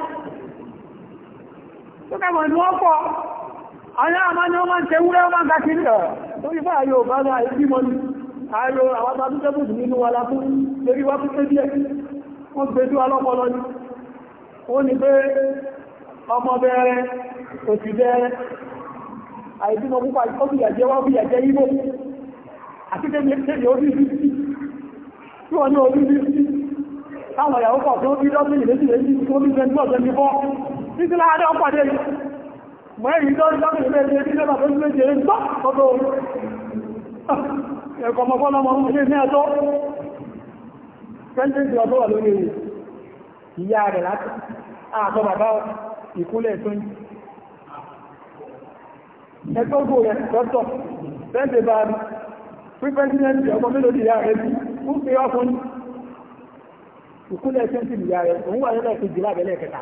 tó kẹ́mọ̀ ní wọ́n pọ̀ àwọn àmá ni wọ́n máa ń tẹ wúrẹ́ wọ́n máa ń ga sí ìrọ̀ tó ní fáà yóò bá ní àyè bímọ ní ààrẹ àwọn bá tún tẹ́bùtù nínú wa la fún lórí wá fún tẹ́bí ẹ̀ wọ́n gbé tí wá lọ́pọlọ ní ó ní pé ọmọ bẹ̀rẹ̀ òsì bẹ̀rẹ̀ àìbímọ púpà ó fi yàjẹ́ wá fi yàjẹ́ ibo àti tẹ́bí ó bí sí tí wọ́n ní orí bí sí táwọn ìyàwó kọ̀ọ̀kan ó bí lọ́sìn ìlésì lésì tó bí 24 24 títí láàárẹ̀ ọpàdé mẹ́rin tó jáde ilé ẹgbẹ́ tí lẹ́bàá tó ń méje ń tọ́ tọ́tọ́ ẹ̀kọ́ ọmọkọ́lọmọ ń lé ní ẹ̀tọ́ pẹ́ntẹ́ntì ọdọ́ wà lórí rẹ̀ ìyá rẹ̀ láti àtọ́ bàbá ìkúlẹ̀ tó ń ẹgbọ́gbò rẹ̀ tọ́tọ̀ pẹ́ntẹ́ bá rí pípẹ́ntẹ́ntì ọmọ mélòó ìyá rẹ̀ bí ó fi ọkùnrin ìkúlẹ̀ tó ń ti ìyá rẹ̀ òun wà nílẹ̀ kejì lábẹ́lẹ̀ kẹta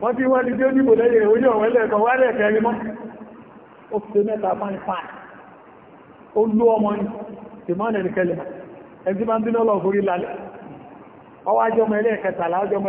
wọ́n tí wọ́n ti dé níbò lẹ́yìn ìròyìn ọ̀wọ́ ẹlẹ́ẹ̀kan wá lẹ́ẹ̀kẹ́ rí mọ́ ó fi mẹ́ta fáìn fáìn ó lú ọmọ ní ìmọ́nà ìkẹlẹ̀ ẹgbẹ́ máa ń bí lọ́lọ́ forí lálẹ́ ọwọ́ ajọmọ ẹlẹ́ẹ̀kẹtàlá ajọmọ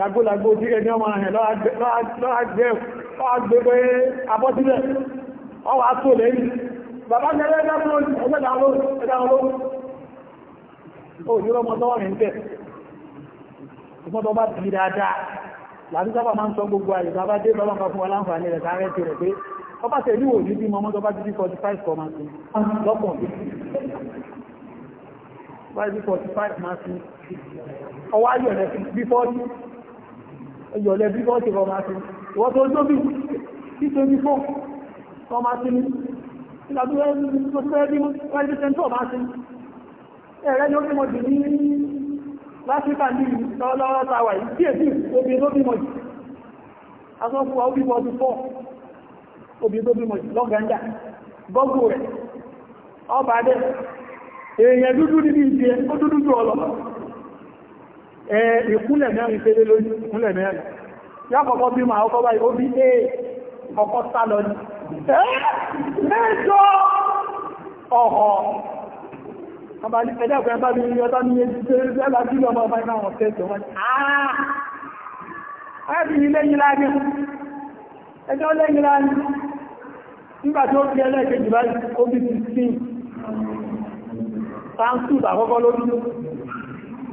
lágbólagbó tí ẹni ọmọ ahẹ̀ lọ́gbẹ̀gbẹ̀ abọ́sílẹ̀ ọwà tó lẹ́yìn bàbá gẹ́gẹ́ ẹgbẹ̀rún ọba tẹ̀lú òní bí mọ́mọ́ tọba jíjí 45 kọmọ̀ sí lọ́pọ̀ bí i 45 máa sí ọwá yọ̀ lẹ́fí bí 40 ìyọ̀lẹ̀ bí wọ́n ti wọ́n tó lóbi tí tó ní fún ní ìlàbí wọ́n fẹ́ bí wọ́n ti tẹ́ntọ́ máa ẹ̀rẹ́ ni ó bí mọ̀jì ní láfíríkà ní lọ́wọ́lọ́wọ́ tàwà ìkúnlẹ̀ mẹ́rin péré lójú ìkúnlẹ̀ mẹ́rin yàkọ̀kọ́ bí ma ọkọ̀ báyìí ó bí é ọkọ̀ sá lọ ní mẹ́jọ ọ̀họ̀ ẹ̀dẹ́gbẹ̀ẹ́ bá bí yọ́tọ́ ní ẹjẹ́ láti lọ ọmọ báyìí náà ọ̀tẹ́ tó wọ́n ẹ̀bí ní lẹ́yìn láàrin ẹjọ́ lẹ́yìn láàrin nígbà tí ó fi ẹlẹ́ẹ̀kejì báyìí ó bí 16 sáńsù àkọ́kọ́ lójú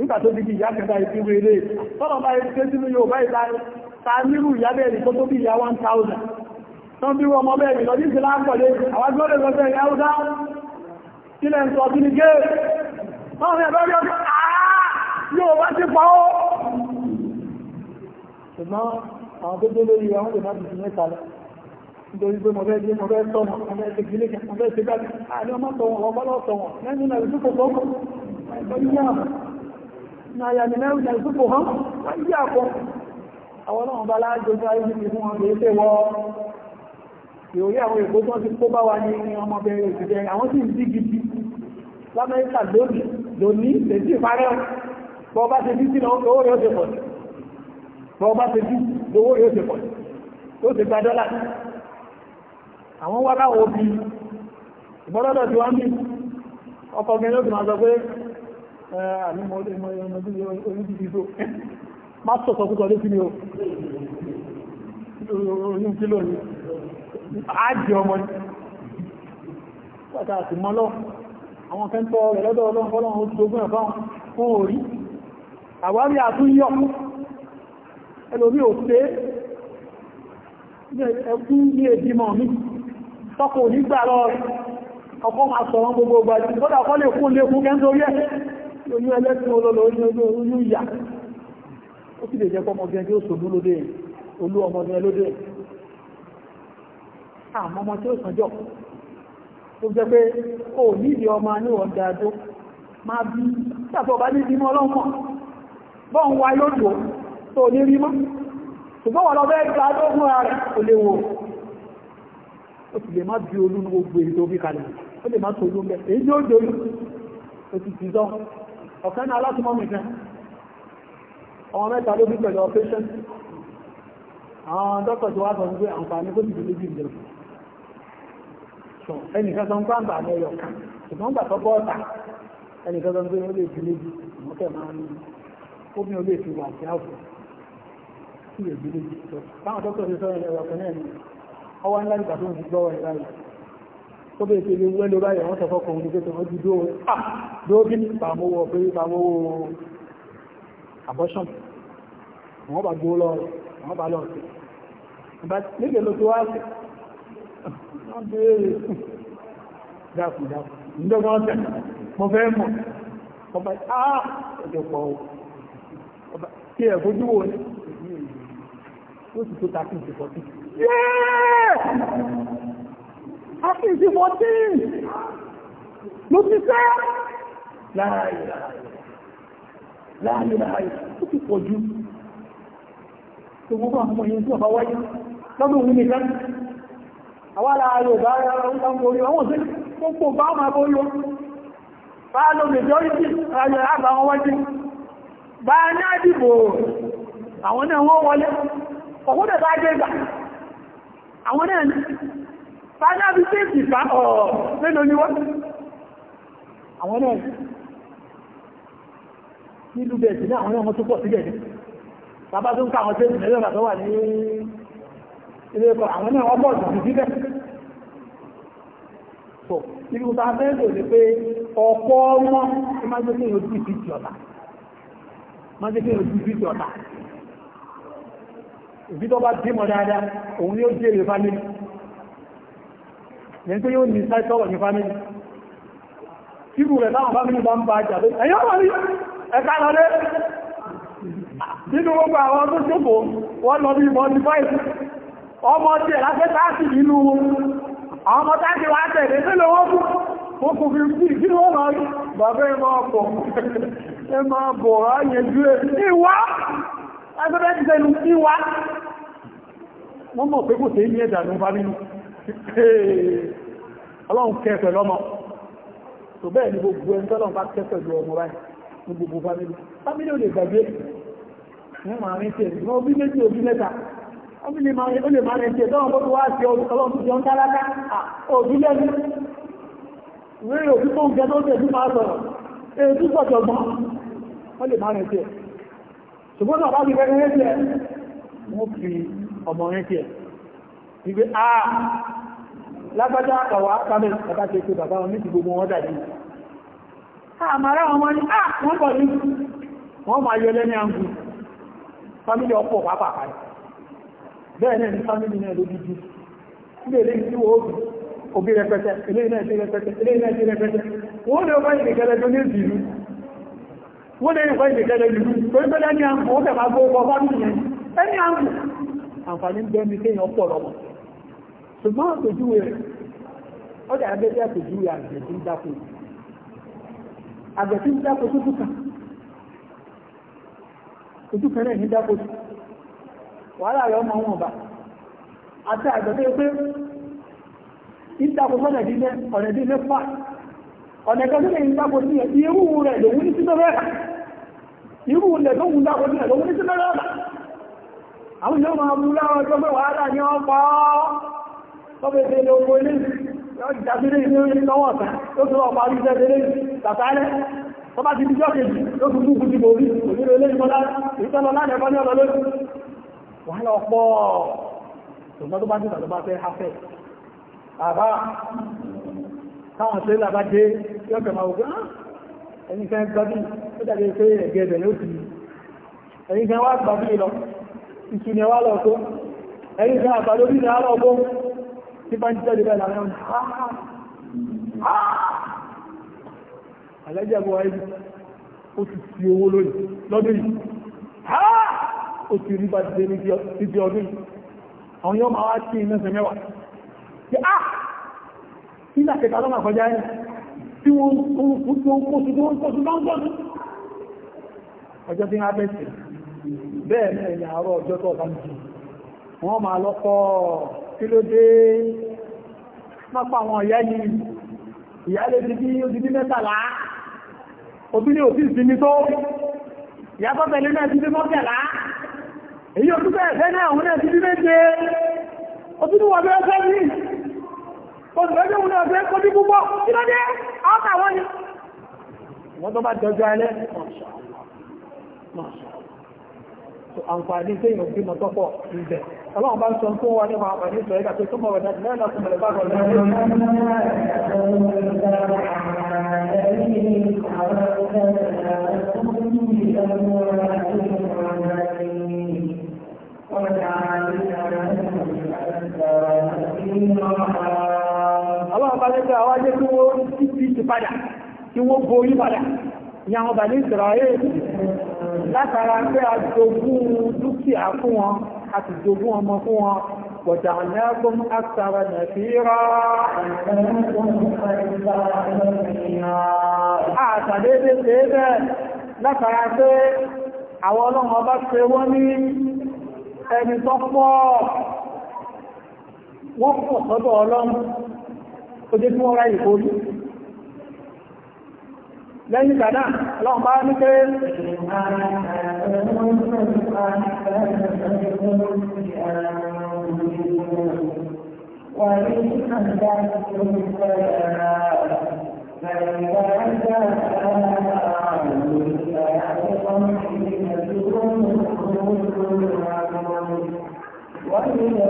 nígbà tó di bí ìyá kẹta ìpínwé ilé tọ́nà bá yẹ tó sínú yóò bá ìta ta nírú ìyá bẹ́ẹ̀ nìkan tó bí ìyá 1000 tán bí ọmọ bẹ́ẹ̀ nìkan ní ìsìlá ń pọ̀lé àwọn agbọ́dẹ̀ lọ́sẹ̀ ìyá ó dá sílẹ̀ ń sọ bí ní géè tọ́nà ẹ̀bẹ́ bí ọdún àá yóò bá ti pa ó ṣùgbọ́n àwọn tó dé lórí àwọn ìwà ti mẹ́ta lọ nítorí pé mo fẹ́ gbé mo fẹ́ tọ́nà mo fẹ́ ṣe gílé mo fẹ́ ṣe gbájú àní ọmọ tọ̀wọ̀n ọmọ lọ́tọ̀wọ̀n lẹ́nu náà ìdúkò tọ́kọ̀ ẹgbẹ́ yíyá máa yà nínú ẹ̀rùn ìsúpò hàn wọ́n yí àpọ̀ àwọn náà bá láàájọjú ayé ti fún wọn kìí tẹ́ wọ ìròrí àwọn èkó tó ti kó bá wa ní ọmọbìnrin òṣìṣẹ́ àwọn sì ń dí gidi lamẹ́ríkà lónìí lónìí tẹ̀sí ìparẹ́ bọ́ bá ṣe títí lọ owó rẹ̀ ó ṣe pọ̀ bọ́ bá ṣe tí owó rẹ̀ ó ṣe pọ̀ tó ṣe gba dọ́là àwọn wá ọkọ̀ gẹ̀ẹ́lógún máa Eh, ànímọ̀ olóòdìdìdò má sọ̀tọ̀ púpọ̀ lé fílé oyún kílò ní ààjẹ ọmọ ní pàtàkì mọ́lọ́ àwọn kẹ́ntọ́ rẹ̀ lọ́dọ̀ ọlọ́run ó ti ogún ẹ̀fà fún orí àwárí àtúnyọ̀ ẹlòmí ò pé ẹkún ní èdìmọ̀ mi tọ́kọ̀ nígbà lọ ọkọ̀ máa sọ̀rọ̀ gbogbo ọgbà tí ó dà kọ́ lè kún lè kún kẹ́ oyún ẹlẹ́sìn olólo oyún oyún ìyà ó sì lè jẹ́ pọ́ ọmọdé tí ó sòdú lóde olú ọmọdé lóde àmọ́ ọmọ tí ó sànjọ́ tó jẹ́ pé ó nídi ọmọ níwọ̀n dáadó máa bí tàbí ọba ní ìdímọ́ ọlọ́mọ bọ́ ń wa lóòdò tó ní rí mọ́ ṣùgbọ́n wọ́n lọ bẹ́ dáadó fún ara kò lè wò ó sì lè má bí olú gbogbo èyí tó bí kalẹ̀ ó lè má tó olú mẹ́ èyí ti sọ ọ̀kan náà alátúmọ̀ nìkan ọmọ mẹ́ta ló bí pẹ̀lú operation àwọn dọ́kọ̀ tó wá sọ wípé àǹfààní kó sì fi lójú ìjẹun ẹnìkan sọ ń bá ń bà ní ẹyọ kan ṣùgbọ́n gbà tó bọ́ ọ̀tà ẹnìkan sọ pé ó lè fi lójú ìmọ̀ kẹ̀ máa ń ó bí ó lè fi wà sí àwọ̀ sí tó bèèrè pé wẹ́ ló báyìí wọ́n sọ̀kọ́ kan nígbé tó ọdún dó dóbi pàmówó pé pàmówó abortion wọ́n bá gbó lọ wọ́n bá lọ sí nígbè ló tó wá sí wọ́n bèèrè dákùn dákùn nígbà ọ̀tẹ̀ mo ah ẹjọ́ pọ̀ ọba kí ẹ̀ fojú wo ni ó sì tó takùn sí pọ̀ àti ìsí 14 ló ti fẹ́ láàáyé láàáyé láàáyé ó ti pọ̀ jù tó gbogbo àwọn ọmọ yẹn tí ọba wáyé lọ́dún òun nìkan àwọn aláàrẹ ọ̀gá orí àwọn òṣèlú tó pọ̀ bá máa bó lọ bá lọ mẹjọ́rìtì ayọ̀ àgbà wọn wájú bá ní àdìbò àwọn náà wọ́n wọlé ọ̀gbọ́dọ̀ bá jẹ́ gbà àwọn náà Fájá bí tí ìsì fà ọ̀ mẹ́lò ní wọ́n. Àwọn náà nílùú bẹ̀ẹ̀sì ní àwọn ọmọ tó pọ̀ sílẹ̀ ní. Bàbá tó ń ká àwọn tó ìsìnlẹ̀ lọ́nà tó wà ní ilé ẹ̀kọ́ àwọn náà ọmọ ọ̀dùn sí bẹ́ẹ̀. So, irú ta mẹ́lò ní pé ọ̀pọ̀ wọn tó máa jẹ́ kí èèyàn ojú ìfìtì ọ̀tá. Máa jẹ́ kí èèyàn ojú ìfìtì ọ̀tá. Ìbí tó bá dímọ̀ dáadáa, òun ni ó jẹ́ ìrẹ́fà nínú yẹn yóò ní sáìtọ́wọ̀ ní fámílì kíbù rẹ̀ táwọn fámílì bá ń bá jà lórí ẹ̀yọ́ wà ní ẹ̀ká lọlé nínú gbogbo àwọn tó ṣòfò wọ́n lọ bí ìbọn ti fáìlì ọmọ tí ẹ̀ táàkì nínú ọmọ táàkì wá tẹ̀lé sílẹ̀ wọ́n kú mọ̀ pé kò sí ní ẹ̀dà ló bá nínú ọlọ́run kẹ́ pẹ̀lú ọmọ tó bẹ́ẹ̀ ni gbogbo ẹni tọ́lọ́run bá kẹ́ pẹ̀lú ọmọ báyìí ní gbogbo fámílì fámílì ò lè gbàgbé ní màá rí tiẹ̀ ní ọbí méjì òbí mẹ́ta fámílì ó lè máa rí tiẹ̀ tọ́wọ́n bó ti wá sí ọlọ́run ti jẹun tálákà òbí lẹ́nu ìwé òbí tó ń jẹ tó tẹ̀sí máa sọ̀rọ̀ èyí tó sọ̀tọ̀ gbọ́n ó lè máa rí tiẹ̀ ṣùgbọ́n náà bá ti fẹ́ rí tiẹ̀ wọ́n fi lágbájá àwọ̀ àpamẹ́ bàbá ṣe pé bàbá wọn ní ti gbogbo wọn dàbí àmàrà wọn ni àwọn ah, pọ̀ ní wọ́n máa yọ lẹ́ni àǹgù fámílì ọ̀pọ̀ pàápàá bẹ́ẹ̀ náà ní fámílì náà ló dídí ilé ilé tí wọ́n òbí òbí rẹpẹtẹ ilé náà sí rẹpẹtẹ ilé náà sí rẹpẹtẹ wọ́n lè wọ́n ìdíkẹ́lẹ́ tó ní ìdìlú ẹni àǹgù àǹfààní bẹ́ẹ̀ ni kéèyàn pọ̀ lọ́wọ́ ṣùgbọ́n àpèjúwe rẹ̀ ó dà bẹ́ẹ̀ bí àpèjúwe àgbẹ̀ ń dáko àgbẹ̀ ń dáko tuntun kan ojú kan náà ní dáko wàhálà rẹ̀ ọmọ wọn bá àti àgbẹ̀ pé ń dáko sọ́nà ọ̀nà fà ọ̀nà ń dáko sí irú rẹ̀ lòun ní sínú rẹ̀ irú rẹ̀ dáko sí lòun ní sínú rẹ̀ àwọn ọjọ́ pé tọ́bẹ̀ẹ́sẹ̀ ilé ogun ilé ìjàgbélé ilé orí lọ́wọ́ ọ̀tá tó tún ọ̀pá orí ìjẹ́ ilé tàtàlẹ́ tó bá ti di jọ́kejì ló tún tún kújú borí òníro ilé ìmọ́lá ìtọ́lọ láàrín ẹ̀kọ́ ní ọ̀lọ́ lórí wàhálà tí bá ń jáde bá lára ọ̀nà alájẹ́ àbúwá ibi ó ti fi owó lónìí lọ́dún yìí ó ti rí bá dé níbi ọdún yìí àwọn yóò máa wá sí iná sẹ mẹ́wàá tí ah! á tí ìlà kẹta lọ́nà kọjá ẹ̀ tí wọ́n kó tí wọ́n kó tí wọ́n kó tí wọ́n kó kí ló dé mọ́pọ̀ àwọn ọ̀yá yìí ìyálé ti bí ó ti bí mẹ́tàlá òbí ní òfin ìsinmi tó ìyàtọ̀ tẹ̀lé náà ti bí mọ́kànlá èyí òtúkọ̀ ẹ̀fẹ́ náà òun náà ti bí méje òbí ní wọ́n bẹ́ẹ̀ fẹ́ ní àǹfààní tí èèyàn bímọ tọ́pọ̀ ìbẹ̀. Ọlọ́run bá ń sọ fún wa nípa àǹfààní sọ ẹ́gà tó túnmọ̀ rẹ̀ náà lọ fún ẹ̀lẹ́gbà kan Ọlọ́run bá lẹ́gbẹ̀ àwọn ajé tí wọ́n látara pé a jogún dúkìá fún wọn a sì jogún ọmọ fún wọn pọ̀jà lẹ́gbọ́n àtàrà nàìjíríà àtàdédé tẹ́ẹ̀bẹ̀ látara pé àwọn ọlọ́run ọba pé wọ́n ní ẹni tó pọ̀ wọ́n pọ̀ sọ́dọ̀ ọlọ́run ó tí wọ́n ráyè lẹ́yìn ìgbàdá ọlọ́run bá ní pé وَإِذَا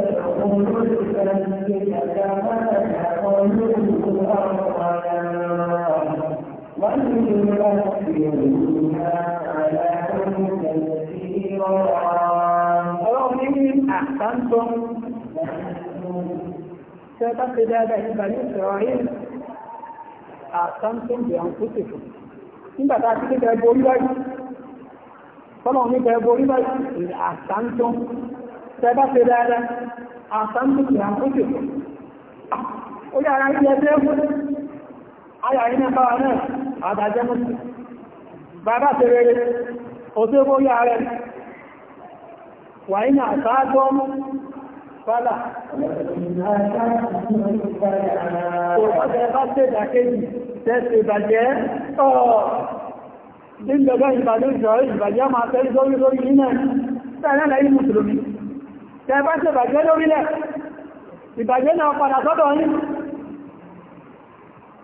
Ọlọ́run ní àkántọ́ tí a bá ní ìṣẹ̀rọ ayé báyìí, ọlọ́run nípa ṣe dáadáa àkántọ́ ìdè àwọn tó ṣètò. Ó yára ilẹ̀ ẹgbẹ́ ayà iná bára náà àtàjẹ́ mọ́sí bàbá ṣe rere òtí ó bóyá rẹ̀ wà iná àtàjọ́ mọ́ fàlà òfàjẹ́ bá ṣe ìdàkejì tẹ́sì ìbàjẹ́ ọ̀ nígbẹ̀gbẹ̀ ìbàjẹ́ ìjọ̀rọ̀ ìbàjẹ́ máa tẹ́ lórí lórí iná tẹ́rẹ́ lẹ́yìn mùsùlùmí tẹ́ bá ṣe ìbàjẹ́ lórílẹ̀ ìbàjẹ́ náà padà sọ́dọ̀ yìí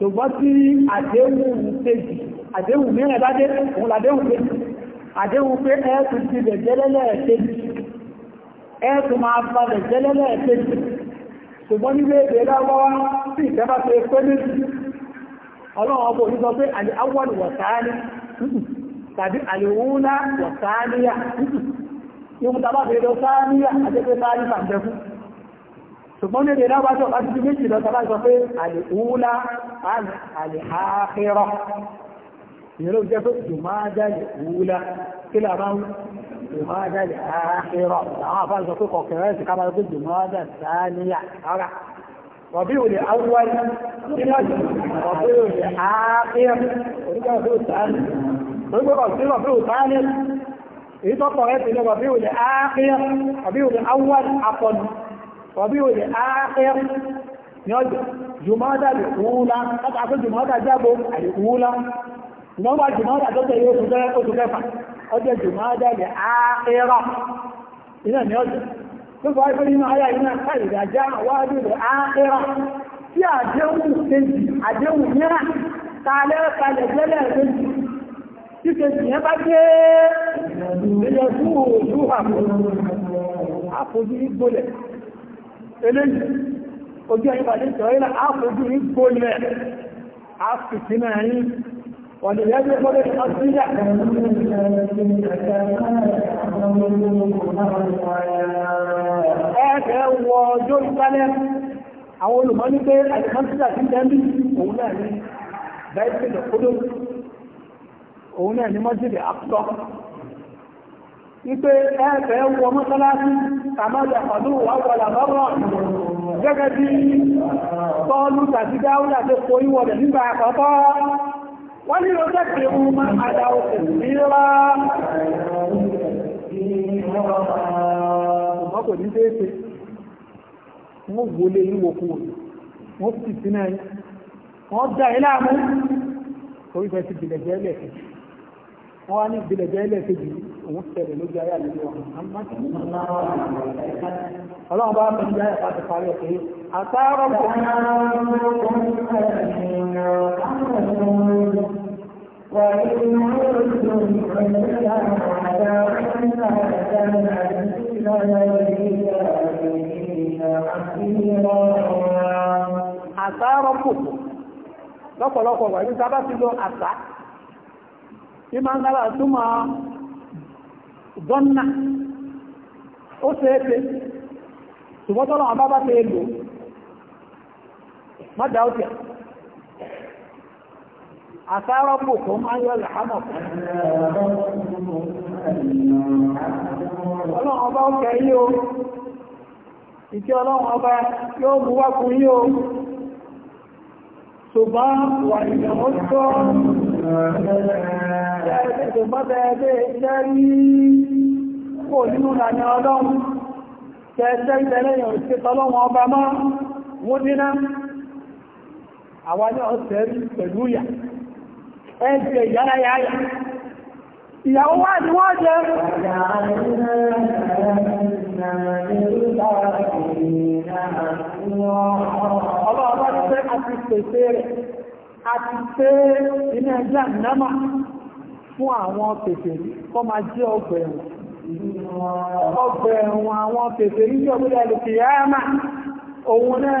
ṣùgbọ́n tí àdéhùn tèjì àdéhùn mìíràn bá dé òun làdéhùn pé àdéhùn pé ẹ́ẹ̀tù ti bẹ̀ jẹ́lẹ́lẹ́ tèjì ẹ́ẹ̀tù máa fa bẹ̀ jẹ́lẹ́lẹ́ tèjì ṣùgbọ́n nílé èdè lọ́wọ́ sí ìtẹ́bá ثمان دينا بعد قد تمشي لا ترى صفي الأولى عن الآخرة يلو جاب جمادة الأولى كلا رام جمادة الآخرة آه فاز في قوكيرس كما يقول جمادة الثانية أرى ربيع الأول ربيع الآخر ربيع الثاني ربيع الثاني ربيع الثاني إذا طلعت إلى ربيع الآخر ربيع الأول أقل ọbí òlè ááfẹ́ ní ọjọ́ jùmọ́dá lè kúúlá látàkó jùmọ́dá jábò àìkúúlá ìgbọ́nbà jùmọ́dá tó tẹ̀lé oṣù kẹfà ọjọ́ jùmọ́dá lè ááfẹ́rọ̀ iná ní ọjọ́ tó fọ́ ẹgbẹ́ nínú ayá iná káìdájá wájú lè ááfẹ́rọ̀ tí eléyìí ojú ayé bàdé ìṣòro ilẹ̀ àfojú ní gbólẹ̀ àfìsí náà yìí wọ́n lè yẹ́ bí gbọ́dẹ̀ ọdúnlẹ̀ ẹ̀ẹ́kẹ́ wọ ọjọ́ ìsálẹ̀ àwọn olùmọ́ ní pé àìkọ́nsílà ti tẹ́lú wọ mọ́sálásí kàmọ́lù ẹ̀kọ̀dún wọ́wọ́lá lọ́rọ̀ gẹ́gẹ́ bí tọ́ọ̀lù tàbí dáúdà tó kó ìwọ̀lẹ̀ nígbà àkọ́kọ́ wọ́n ní ló tẹ́kẹ̀ẹ́ ohun máa àdá òkè nílá ọkọ̀ ní tẹ́ẹ̀tẹ́ wọ́n gbólé ìwòkú wọ́n sì sí náà wọ́n dá ìlàmú orí fẹ́ sí ìbìlẹ̀jẹ́ ẹlẹ́ẹ̀kejì wọ́n wá ní ìbìlẹ̀jẹ́ ẹlẹ́ẹ̀kejì yìí òun tẹ̀lé lójú ayé àlejò ọlọ́run bá fẹ́ jẹ́ ẹ̀fà ti parí ọ̀pẹ́ àtàrọ̀ Àtàrọ̀ kò lọ́pọ̀lọpọ̀ wà ní sábá ti lọ àtà. Ìmá ń dára túnmọ̀ dọ́nà ó ebe é ṣùgbọ́n tọ́lọ̀ àbá bá ṣe é má dá ó tẹ̀ yọ ọlọ́run ọba ó kẹ́ yí ọba yóò mú o tó bá wà ìyàwó tọ́ tó bá bẹ̀ẹ̀dẹ̀ ìṣẹ́rí kò nínú ìlànà ọlọ́run tẹ́ẹ̀ṣẹ́ ìtẹ́lẹ́yàn ìṣẹ́ tọ́lọ́wọ́n ọba máa wọ́n dínà àwọn ní ọ̀sẹ̀ pẹ̀lú ìyà ẹgbẹ̀ ìyára yáyà ìyàwó wà ní wọ́n jẹ́ ọlọ́ọ̀bá ti pé a pèsè rẹ̀ a pé àmìnámà fún àwọn pèsè kọ́ máa jẹ́ ọgbẹ̀ ẹ̀wọ̀n ọgbẹ̀ ẹ̀wọ̀n àwọn pèsè rí jọ òun náà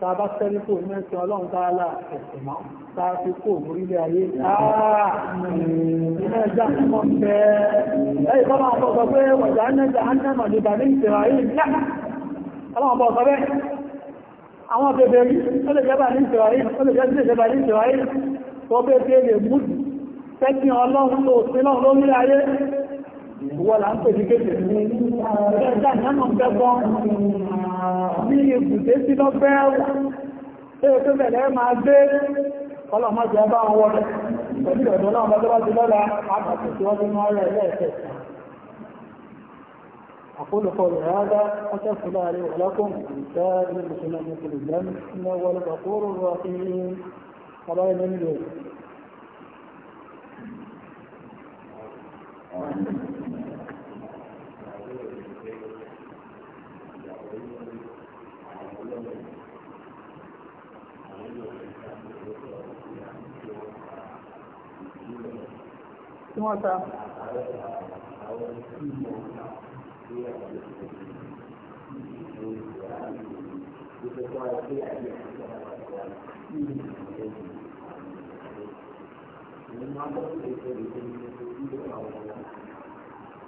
ta bá tẹ́lẹ̀ kò ní ẹ̀sìn ọlọ́run tààlà ẹ̀sìn mọ́ ta fi kò múrílẹ̀ ayé àà iná ẹja mọ́ fẹ́ ẹ̀yìn bọ́bá ọ̀pọ̀ pé wọ̀já nẹ́jà ánẹ́mà ní bà ní ìsẹ̀rà yìí náà ọlọ́run ọ̀pọ̀ sọ bẹ́ẹ̀ àwọn bèbè rí ó lè jẹ́bà ní ìsẹ̀rà yìí ó lè wọ́n là ń pè ní ní ẹgbẹ́ ìyánà bẹ́gbọ́n ní ibùdé sí lọ bẹ́ẹ̀wọ̀ tí tó bẹ̀rẹ̀ máa gbé ọlọ́mọ́sí ọba wọn pẹ̀lú ẹ̀dọ́ náà bá tọ́lá ti ti mọ́ rẹ̀ أقول قولي هذا أتفل علي ولكم إنسان المسلمين في الجنة والغفور الرحيم قضايا من Tí wọ́n ta. Thank you.